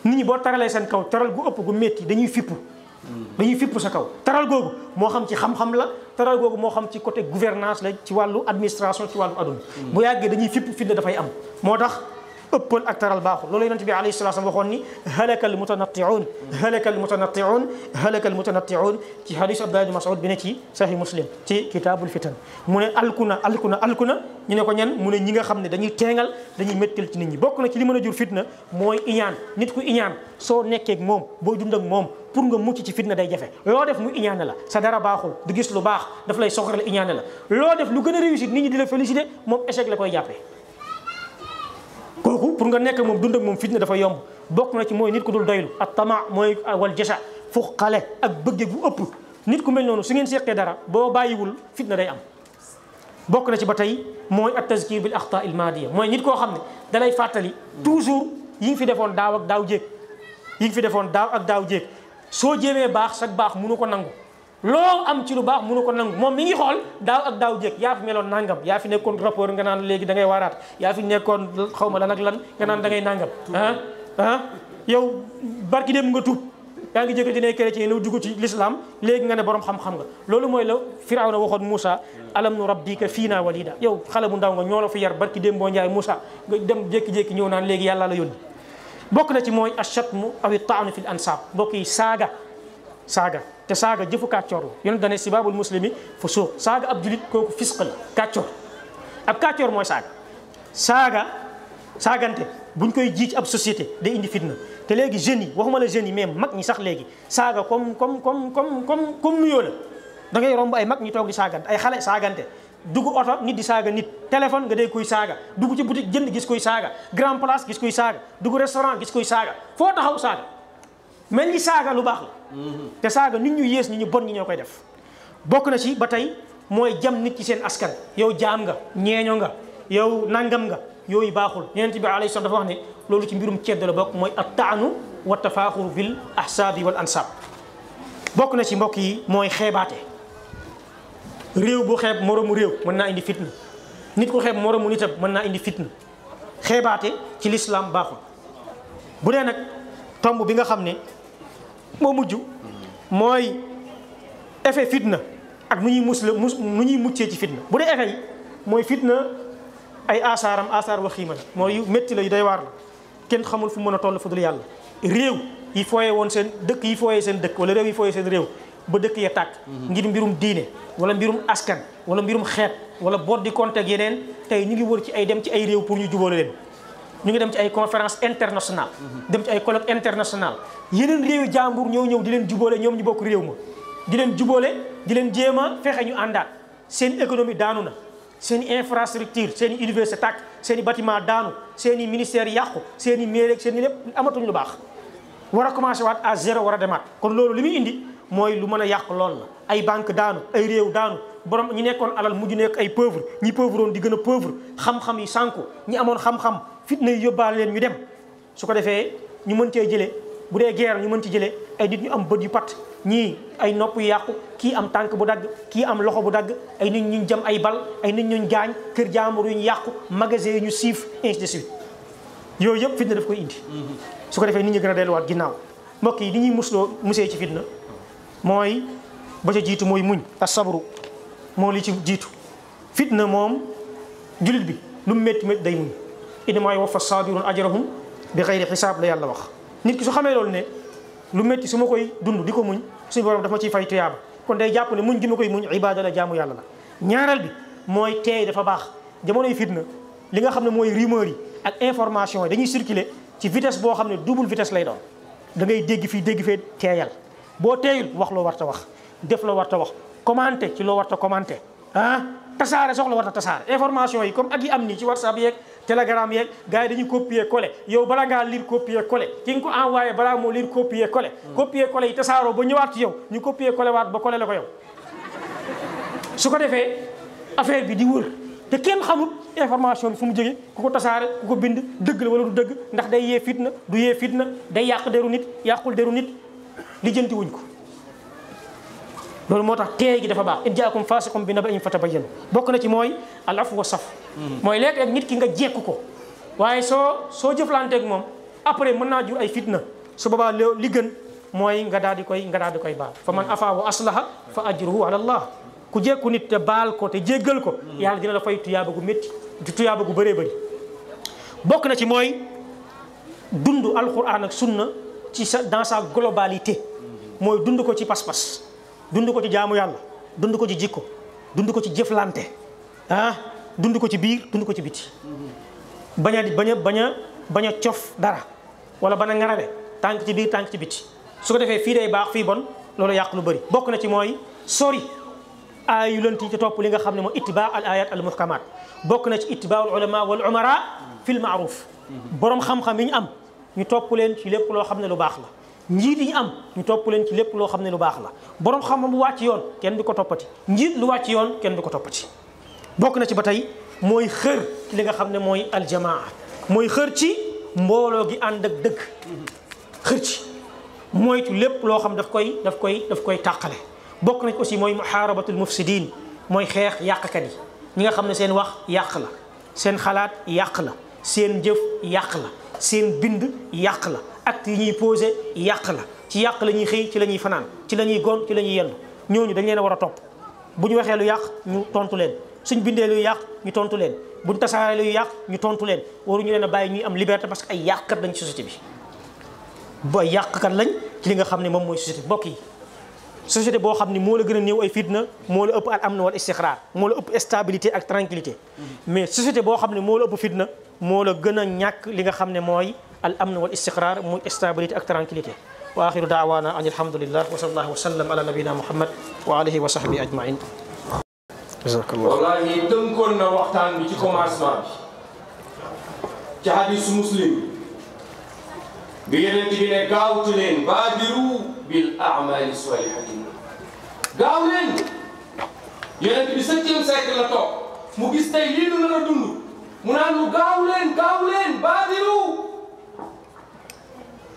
nit ñi boo taralee seen kaw taral gu ëpp gu métti dañuy fippu. Mm-hmm. dañuy fippu sa kaw taral googu moo xam ci xam-xam la taral googu moo xam ci côté gouvernance la ci wàllu administration ci wàllu aduna. Mm-hmm. bu yàggee dañuy fippu fitna dafay am ëppal ak taral baaxul loolu yonent bi alayhi salaam waxoon ni halakal mutanatti'un halakal mutanatti'un halakal mutanatti'un ci hadis Abdullah ibn bi ne ci sahih muslim ci kitaabul fitan mu ne alkuna alkuna alkuna ñu ne ko ñan mu ne ñi nga xam ne dañuy teengal dañuy méttal ci nit ñi bokk na ci li mën a jur fitna mooy iñaan nit ku iñaan soo nekkeek moom boo dund ak moom pour nga mucc ci fitna day jafe loo def mu iñaane la sa dara baaxul du gis lu baax daf lay soxor la iñaane la lu gën a réussir nit ñi di la féliciter kooku pour nga nekk moom dund ak moom fitna dafa yomb bokk na ci mooy nit ku dul doylu ak tama mooy wal jasa fu xale ak bëgg bu ëpp nit ku mel noonu su ngeen seqee dara boo bàyyiwul fitna day am bokk na ci ba tey mooy at bi bil axta il maadiya mooy nit koo xam ne dalay fàttali toujours yi fi defoon daaw ak daaw jéeg yi fi defoon daaw ak daaw jéeg soo jéemee baax sag baax mënu ko nangu loo am ci lu baax mënu ko nangu moom mi ngi xool daaw ak daaw jékk yaa fi meloon nangam yaa fi nekkoon rapport nga naan léegi da ngay waaraat yaa fi nekkoon xaw ma lan ak lan nga naan da ngay nangam ah ah yow barki dem nga tu yaa ngi jékki dine chrétien ñëw dugg ci l'islam léegi nga ne borom xam-xam nga loolu mooy la Firawna waxoon Moussa alam nu rabbika fii naa walida yow xale bu ndaw nga ñoo la fi yar barki dem boo njaay Moussa nga dem jékki-jékki ñëw naan léegi yàlla la yónni bokk na ci mooy achatmu awi taanu fil ansab mbokk yi saaga saaga te saaga jëfu kàccoor la yonent dane sibaabul muslimi fu suux saaga ab julit kooku fisq la kàccoor ab kàccoor mooy saaga saaga saagante buñ koy jiic ab société day indi fitna te léegi jeunes yi waxuma la jeunes yi mais mag ñi sax léegi saaga comme comme comme comme kom comme nuyoo la da ngay romb ay mag ñi toog di saagante ay xale saagante dugg oto nit di saaga nit téléphone nga day koy saaga dugg ci boutique jënd gis koy saaga grand place gis koy saaga dugg restaurant gis koy saaga foo taxaw saaga mel ni saaga lu baax la mm-hmm. te saaga nit ñu yées ñi ñu bon ñi ñoo koy def bokk na ci ba tey mooy jam nit ci seen askan yow jaam nga ñeeño nga yow nangam nga yooyu baaxul ñeenti bi alayhi salaam dafa wax ne loolu ci mbirum ceddo la bokk mooy at taanu wa tafaaxur bil ahsaabi wal ansaab bokk na ci mbokk yi mooy xeebaate réew bu xeeb moroomu réew mën naa indi fitna nit ku xeeb moroomu nitam mën naa indi fitna xeebaate ci lislaam baaxul bu dee nag tomb bi nga xam ne moo mujj mooy effet fitna ak nu ñuy mus la mus nu ñuy muccee ci fitna bu dee effet yi mooy fitna ay asaaram asaar wa xiima la mooy métti la yu day waar la kenn xamul fu mën a toll fu dul yàlla réew yi fooyee woon seen dëkk yi fooyee seen dëkk wala réew yi fooyee seen réew ba dëkk ya tàkk mhm. ngir mbirum diine wala mbirum askan wala mbirum xeet wala boot di yeneen tey ñu ngi wër ci ay dem ci ay réew pour ñu jubóole leen ñu ngi dem ci ay conférence internationale dem ci ay colloque international yeneen réewi jàmbur ñoo ñëw di leen jubóole ñoom ñu bokk réew ma di leen jubóole di leen jéem a fexe ñu àndaat seen économie daanu na seen i infrastructure seen i université tàkk seen batiment bâtiment daanu seen ministère yàqu seen i mairie seen i lépp amatuñ lu baax war a commencé waat à zéro war a demaat kon loolu li muy indi mooy lu mën a yàq lool la ay banque daanu ay réew daanu borom ñi nekkoon alal mujj nekk ay pauvre ñi pauvre woon di gën a pauvre xam yi sànku ñi amoon xam fitna yi yóbbaale leen ñu dem su ko defee ñu mën cee jëlee bu dee guerre ñu mën ci jëlee ay nit ñu am bët yu pat ñii ay nopp yu yàqu kii am tànk bu dagg kii am loxo bu dagg ay nit ñu jëm ay bal ay nit ñu gaañ kër jaambur yu ñu yàqu magasin yu ñu siif ainsi de yooyu yëpp fitna daf koy indi. Mm-hmm. su ko defee nit ñu gën a delluwaat ginnaaw mbokk yi li ñuy musloo musee ci fitna mooy ba jiitu mooy muñ as sabru moo li ci jiitu fitna moom jullit bi lu mu métti innamaa yuwaffa saabirun ajrahum bi xayri xisaab la yàlla wax nit ki su xamee loolu ne lu métti su ma koy dund di ko muñ suñu borom dafa ma ciy fay tuyaaba kon day jàpp ne muñ gi ma koy muñ ibaada la jaamu yàlla la ñaareel bi mooy teey li nga xam ne mooy rumeur yi ak information yi dañuy ci vitesse boo xam ne double vitesse lay da ngay dégg fii dégg fee teeyal boo teeyul wax loo warta wax def loo warta wax commenter ci loo warta commenter ah tasaare soxla warta tasaare information yi comme ak am nii ci whatsapp yeeg telegram yeeg gars yi dañuy copier coller yow bala ngaa lire copier coller ki nga ko envoyé balaa moo lire copier coller hmm. copier coller yi tasaaroo ba ñëwaat ci yow ñu copier coller waat ba coller la ko yow su ko defee affaire bi di wër te kenn xamul information bi fu mu jógee ku ko tasaare ku ko bind dëgg la wala du dëgg ndax day yee fitna du yee fitna day yàq deru nit yàqul deru nit lijjanti wuñ ko loolu moo tax teey gi dafa baax in jaakum faasiqum bi naba'in fatabayyanu bokk na ci mooy al saf mooy léeg-léeg nit ki nga jekku ko waaye soo soo jëflanteeg moom après mën naa jur ay fitna su boobaa li gën mooy nga daal di koy nga daal di koy baal fa man mm. afaa wa aslaha fa ajruhu ala allah ku jekku nit te baal ko te jéggal ko mm. yàlla dina la fay tuyaaba gu métti tuyaaba gu bëree bëri bokk na ci mooy dund alquran ak sunna ci sa dans sa globalité mm. mooy dund ko ci pas-pas dund ko ci jaamu yàlla dund ko ci jikko dund ko ci jëflante ah dund ko ci biir dund ko ci biti bañ a bañ a bañ bañ a cof dara wala bañ a tànk ci biir tànk ci biti su ko defee fii day baax fii bon loolu yàq lu bari bokk na ci mooy sori aay yu lënt yi ci topp li nga xam ne moo itibaa al ayat al muhkamaat bokk na ci itibaa al ulama wal umara fil maaruf borom xam-xam yi ñu am ñu topp leen ci lépp loo xam ne lu baax la njiit yi am ñu topp leen ci lépp loo xam ne lu baax la borom xam-xam bu wàcc yoon kenn du ko toppati njiit lu wàcc yoon kenn du ko toppati bokk na ci ba tey mooy xër li nga xam ne mooy aljamaa mooy xër ci mbooloo gi ànd ak dëgg xër ci moytu lépp loo xam daf koy daf koy daf koy tàqale bokk na ci aussi mooy muhaarabatul mufsidin mooy xeex yàqkat yi ñi nga xam ne seen wax yàq la seen xalaat yàq la seen jëf yàq la seen bind yàq la acte yi ñuy posé yàq la ci yàq la ñuy xëy ci la ñuy fanaan ci la ñuy goon ci la ñuy yendu ñooñu dañ leen a war a topp bu ñu waxee lu yàq ñu tontu leen suñ bindee luy yàq ñu tontu leen buñ tasaaree luy yàq ñu tontu leen waruñu leen a bàyyi ñuy am liberté parce que ay yàqkat lañ société bi ba yàqkat lañ ci li nga xam ne moom mooy société mbokk yi société boo xam ne moo la gën a néew ay fitna moo la ëpp al am na wala istixraar moo la ëpp stabilité ak tranquillité mm-hmm. mais société boo xam ne moo la ëpp fitna moo la gën a ñàkk li nga xam ne mooy al amn wal istixraar muy stabilité ak tranquillité wa axiru daawaana an alhamdulillah wa sallallahu wa sallam ala nabina muhammad wa alihi wa sahbi ajmain jazakallah wallaahi tënkoon na waxtaan bi ci commencement bi ci hadisu muslim bi yeneen bi ne gaawtu leen baadiru bil amali salihati gaaw leen yeneen bi septième siècle la toog mu gis tey lii lu nar mu naan lu gaaw leen gaaw leen baadiru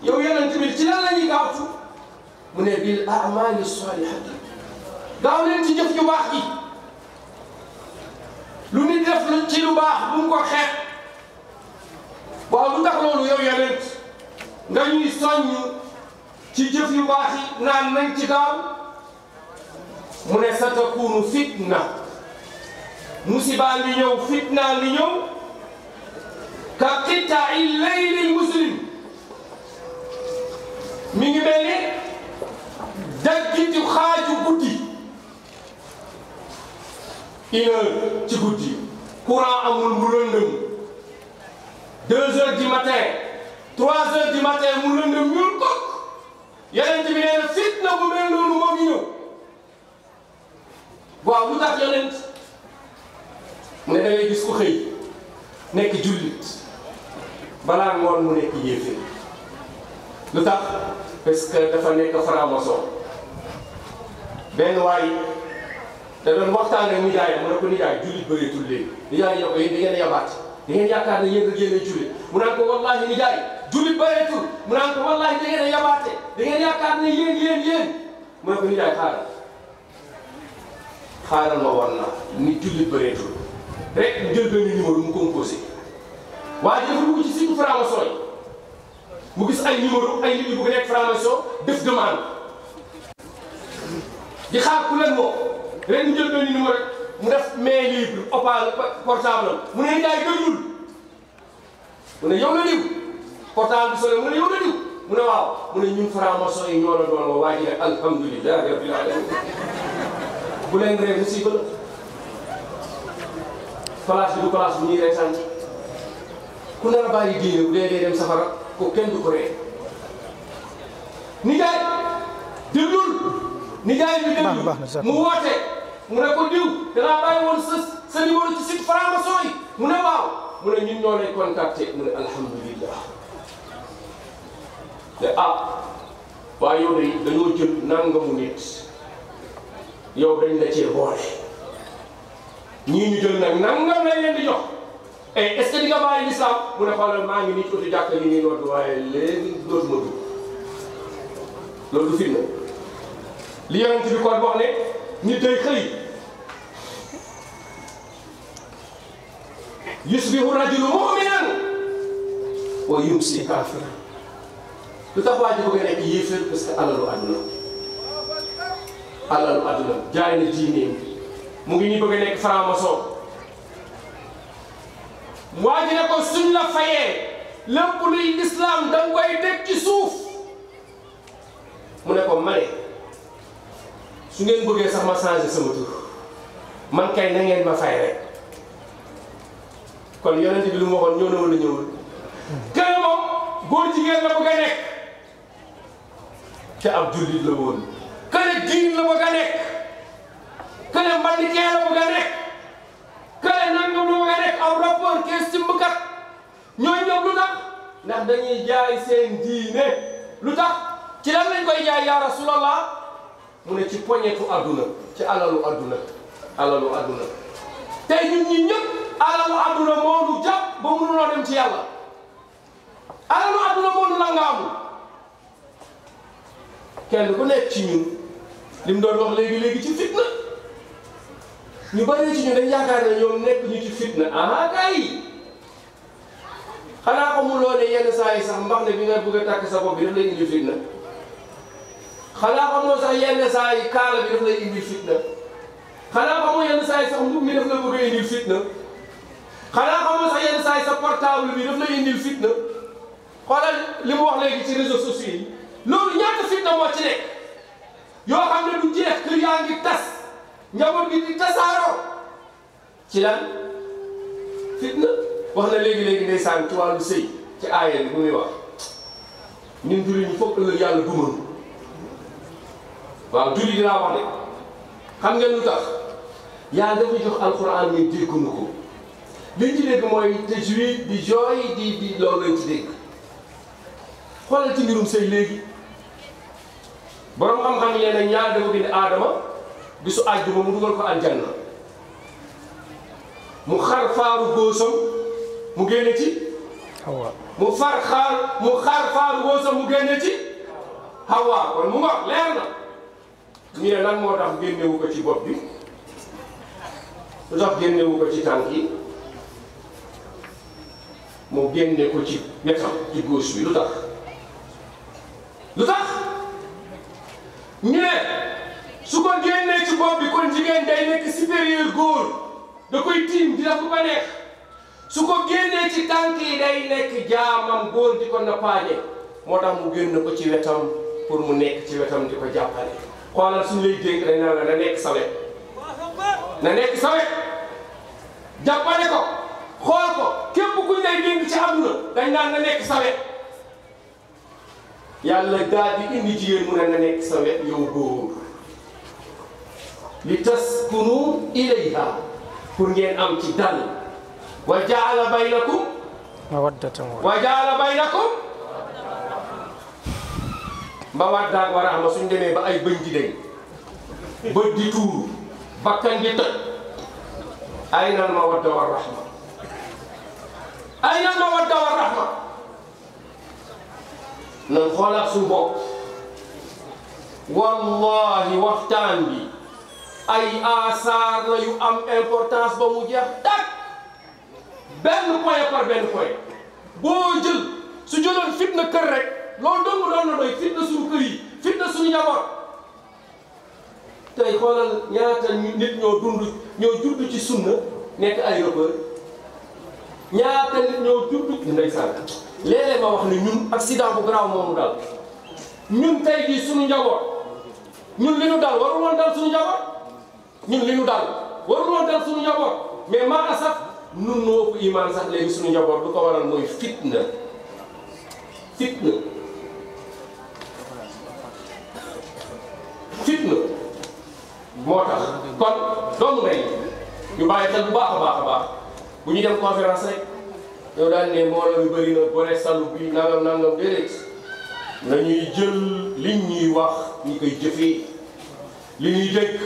yow bi ci lan la gaawtu mu ne bil amali salihati gaaw leen ci jëf ju baax lu nit def lu ci lu baax mu ko xeet waaw lu tax loolu yow yonent nga ñuy soññ ci jëf yu baax naan nañ ci gaaw mu ne sa takunu fitna musiba li ñëw fitna li ñëw ka qitaa i laylil muslim mi ngi mel ni daggitu xaaju guddi une heure ci guddi courant amul mu lëndëm deux heures du matin trois heures du matin mu lëndëm ñuul ko yonent bi nee na fitna bu mel noonu moo ngi ñëw lu tax yonent ne da ngay gis ku xëy nekk jullit balaa ngoon mu nekk yéefé lu tax parce dafa nekk franc-maçon benn waay te doon waxtaanee nijaayam mu ne ko nijaay jullit bëreetul léegi nijaay yi ne ko yéen da ngeen a yabaat da ngeen yaakaar ne yéen a génne jullit mu naan ko wallaahi nijaay jullit bëreetul mu naan ko wallaahi da ngeen a yabaate da ngeen yaakaar ne yéen yéen yéen mu ne ko nijaay xaaral xaaral ma war na ni jullit bëreetul rek jël mu composé waaye dafa dugg ci site franc-maçon yi mu gis ay numéro ay nit yu bëgg nekk franc-maçon def demande di xaar ku leen moo ren ñu jël benn numéro rek mu def main libre opal portable am mu ne jaay gëjul mu ne yow la diw portable bi sole mu ne yow la diw mu ne waaw mu ne ñun franc-maçon yi ñoo la doon wa waa ji ne alhamdulilah rabbil alamin bu leen ree musiba la place bi du place bu ñuy rey sànni ku nar a bàyyi diine bu dee dee dem safara ko kenn du ko ree nijaay déglul nijaay bi déglul mu woote mu ne ko diw danaa bàyyi woon sa sa numéro ci site franc-maçon yi mu ne waaw mu ne ñun ñoo lay contacter mu ne alhamdulilah te ah waaye yow de dañoo jël nangamu nit yow dañ la cee boole ñii ñu jël nag nangam lañ leen di jox et eh, est-ce que di nga bàyyi lislaam mu ne xoolal maa ngi nii ci uti jàkka li ñuy nodd waaye léegi dootuma dugg loolu du firnde li yonent bi kon wax ne nit day xëy. yusbihu rajulu muminan wa yumsi kafiran lu tax waa ji bëgg a nekk yéeféer parce que alalu àdduna alalu àdduna jaay na diineem mu ngi ñu bëgg a nekk franc-maçon waa ji suñ la fayee lépp luy islam da nga koy ci suuf mu ne ko mane su ngeen bëggee sax ma changé sama tur man kay na ngeen ma fay rek kon yonent bi lu mu waxoon ñëw na wala ñëwul kër moom góor la bëgg a nekk te ab jullit la woon kële diin la bëgg a nekk kële mbandikee la bëgg a nekk kële nangam la bëgg a nekk aw rapport kee ñooy ñoom lu tax ndax dañuy jaay seen diine lu tax ci lan lañ koy jaay ya rasulallah mu ne ci poñetu adduna ci alalu adduna alalu adduna tey ñun ñi ñëpp alalu àdduna moo nu jàpp ba mënuloo dem ci yàlla alalu àdduna moo nu langaamu kenn ku nekk ci ñun li mu doon wax léegi léegi ci fitna ñu bari ci ñu dañ yaakaar ne ñoom nekk ñu ci fitna ah kay xanaa xamuloo ne yenn saa yi sax mbax ne bi nga bëgg a takk sa bopp bi daf lay indi fitna xanaa xamoo sax yenn saa yi kaala bi daf lay indi fitna xanaa xamoo yenn saa yi sax mbub mi daf lay bëgg a indi fitna. xanaa xamoo sax yenn saa sa portable bi daf lay indil fitna xoolal li wax léegi ci réseaux sociaux yi loolu ñaata fitna moo ci nekk yoo xam ne du jeex kër yaa ngi tas njaboot gi di tasaaroo ci lan fitna wax na léegi léegi ndeysaan ci wàllu sëy ci aaya bi mu ngi wax ñun jullit ñu foog ëllëg yàlla duma waaw jullit dinaa wax ne xam ngeen lu tax yaa dafa jox alxuraan ñu dégguñu ko. liñ ci dégg mooy te di jooy di di loolu lañ ci dégg xoolal ci mbirum sëy léegi borom xam-xam yi ne ñaar dafa bind aadama bisu àjjuma mu dugal ko aljanna mu xar faaru góosam mu génne ci faaru góosam mu génne ci Hawa kon mu ngox leer na ñu lan moo tax génnewu ko ci bopp bi lu tax génnewu ko ci tànk yi mu génne ko ci wetam ci gauche bi lu tax lu su ko génnee ci bopp bi kon jigéen day nekk supérieur góor da koy tiim di def lu ko su ko génnee ci tànk yi day nekk jaamam góor di ko nappaaje moo tax mu génn ko ci wetam pour mu nekk ci wetam di ko jàppale xoolal suñu lay dénk dañ naan la na nekk sa wet na nekk sa wet jàppale ko xool ko képp kuñ lay dénk ci àdduna dañ naan nga nekk sa wet yàlla daal di indi jigéen mu ne nga nekk sa wet yow góor li taskunu ilayha pour ngeen am ci dal wa jaala baynakum mawaddatan wa jaala baynakum mawaddaak wa rahma suñ demee ba ay bëñ di deñ bët di tuuru bakkan di tëj ay nan mawadda wa rahma ay na mawadda wa rahma nan xoolaat suñu bopp waxtaan bi ay asaar la yu am importance ba mu jeex tak benn point par benn point boo jël su jëloon fitna kër rek loolu dong doon na doy fitna suñu kër yi fitna suñu njaboot tey xoolal ñaata nit ñoo dund ñoo judd ci sunna nekk ay repeur ñaata nit ñoo juddu ndeysaan léeg-léeg ma wax ne ñun accident bu garaaw moomu dal ñun tey jii suñu njaboot ñun li ñu dal warul woon dal suñu njaboot ñun li ñu mais maa sax ñun noo ko imaan sax léegi suñu njaboot du ko waral mooy fitna fitna fitna moo tax kon doomu nay ñu bàyyi xel baax a baax baax bu ñu dem conférence rek yow daal ne mbooloo mi bëri na bone salu bi nangam nangam na nañuy jël liñ ñuy wax ñu koy jëfee li ñuy dégg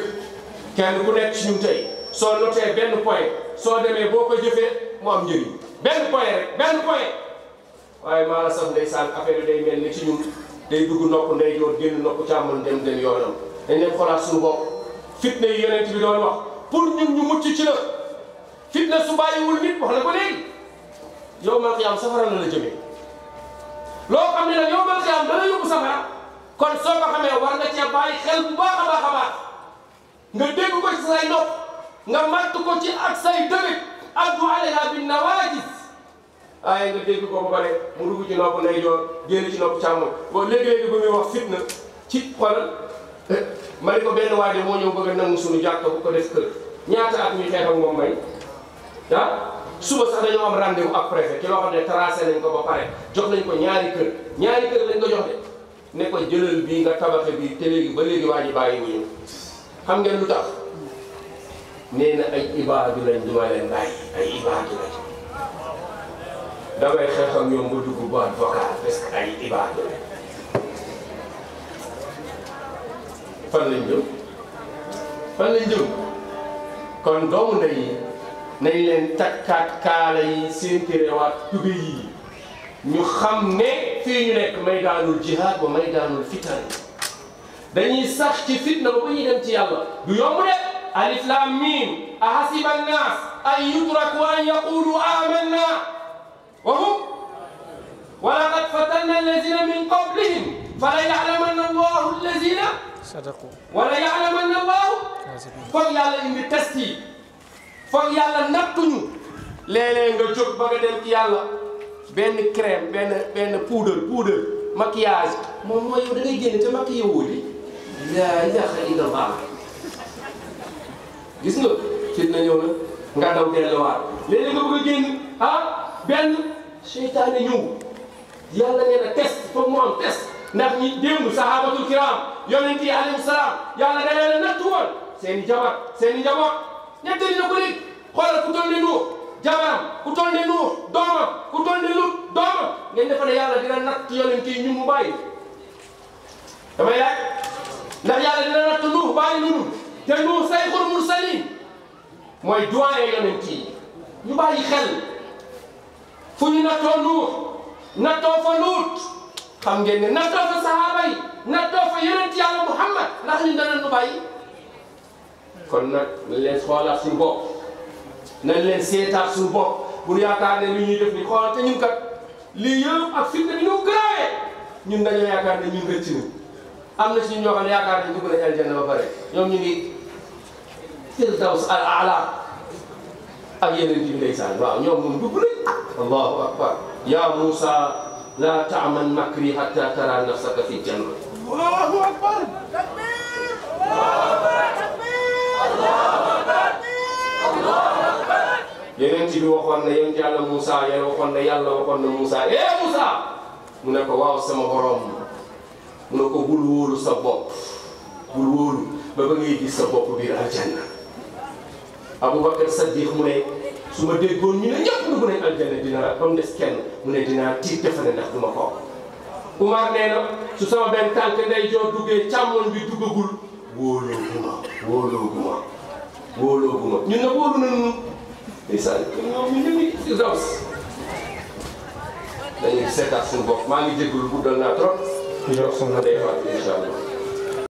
kenn ku nekk ci ñun tey soo lotee benn point soo demee boo ko jëfee mu am njëriñ benn point benn point waaye maa la sax ndeysaan affaire yi day mel ni ci ñun day dugg nopp ndeyjoor génn nopp càmmoñ dem dem yoonam dañ leen xoolaat suñu bopp fitna yi yonent bi doon wax pour ñun ñu mucc ci la fitna su bàyyiwul nit wax na ko léegi yow mal safara la la loo xam ne nag yow mal xiyaam dana yóbbu safara kon soo ko xamee war nga cee a baax a baax nga dégg ko ci say nopp nga matt ko ci ak say dëgg addu alayha bin nga dégg ko ba pare mu dugg ci nopp nay joor génn ci nopp càmmoñ boo léegi-léegi ba muy fitna ci xolal eh, ma ne ko benn waajo moo ñëw bëgg a nangu suñu jàkka bu ko def kër ñaata at ñuy xeex ak may ah suba sax dañoo am rendez-vous ak préfet ci loo xam ne tracé nañ ko ba pare jox nañ ko ñaari kër ñaari kër lañ ko jox de ne ko jëlal bii nga tabaxe bii te léegi ba léegi waa ji bàyyi wu ñu xam ngeen lu tax nee na ay ibaadu lañ du ma leen ay ibaadu lañ ba dugg boîte ay ibaadu lañ fan lañ jëm fan lañ jëm kon doomu ndey yi nañ leen takkaat kaala yi seen téerewaat tubé yi ñu xam ne fii ñu nekk jihaad ba may daanul fitan dañuy sax fitna ba ba ñuy dem ci yàlla du annaas an yutrak wa an yaqulu amanna wa hum wa laqad fatanna allazina min qablihim fala ya'lamanna allahu allazina sadaqu wala ya'lamanna allahu kon yàlla indi test foog yàlla nattuñu léeg-léeg nga jóg ba nga dem ci yàlla benn crème benn benn poudre poudre maquillage moom mooy yow da ngay génn te maquillé woo di laa ilaha illallah gis nga fit na ñëw na nga daw delluwaat léeg-léeg nga bëgg a génn ah benn seytaane ñëw yàlla nee na test foog mu am test ndax ñi démb sahabatul kiram yonent yi alayhi salaam yàlla da leen a nattu woon seen i jabar seen i njaboot nettali na ko xoolal ku toll ni Nuux jabaram ku toll ni Nuux doomam ku toll ni Lut doomam ngeen defa ne dina natt yonent yi mu bàyyi damay laaj ndax yàlla dina natt Nuux bàyyi nunu te yi ñu bàyyi xel fu ñu nattoo Nuux nattoo fa Lut xam ngeen ne nattoo fa sahaaba yi nattoo fa yonent yàlla Muhammad ndax ñu dana nu bàyyi kon nag nañ leen xoolaat suñu bopp nañ leen seetaat suñu bopp bu yaakaar ne li ñuy def ni xoolal te ñun kat lii yëpp ak fitna bi ñu grawee ñun dañoo yaakaar ne ñun rëcc am na suñu ñoo xam ne yaakaar nañ dugg nañ aljanna ba pare ñoom ñu ngi al ala ak yeneen yi ndeysaan waaw ñoom moom allahu akbar ya Moussa la taaman makri hatta tara nafsaka fi janna allahu akbar takbir yeneen ci bi waxoon na yéen yàlla Moussa yéen waxoon na yàlla waxoon na Moussa eh Moussa mu ne ko waaw sama borom mu ne ko bul wóolu sa bopp bul wóolu ba ba ngay gis sa bopp biir aljanna Aboubacar Saddiq mu ne su ma déggoon ñu ne ñëpp dugg nañ aljanna dina la kenn mu ne dinaa tiit defe ne ndax ma ko Umar nee na su sama benn tànk ndeyjoor duggee càmmoñ bi duggagul. wóolooguma wóolooguma wóolooguma ñun nag wóolu na ñun. ndeysaan ñoom ñu ngi si dox dañuy seetaat suñu bopp maa ngi jégalu guddal naa trop. ñu jox suñu la day fàtte incha allah.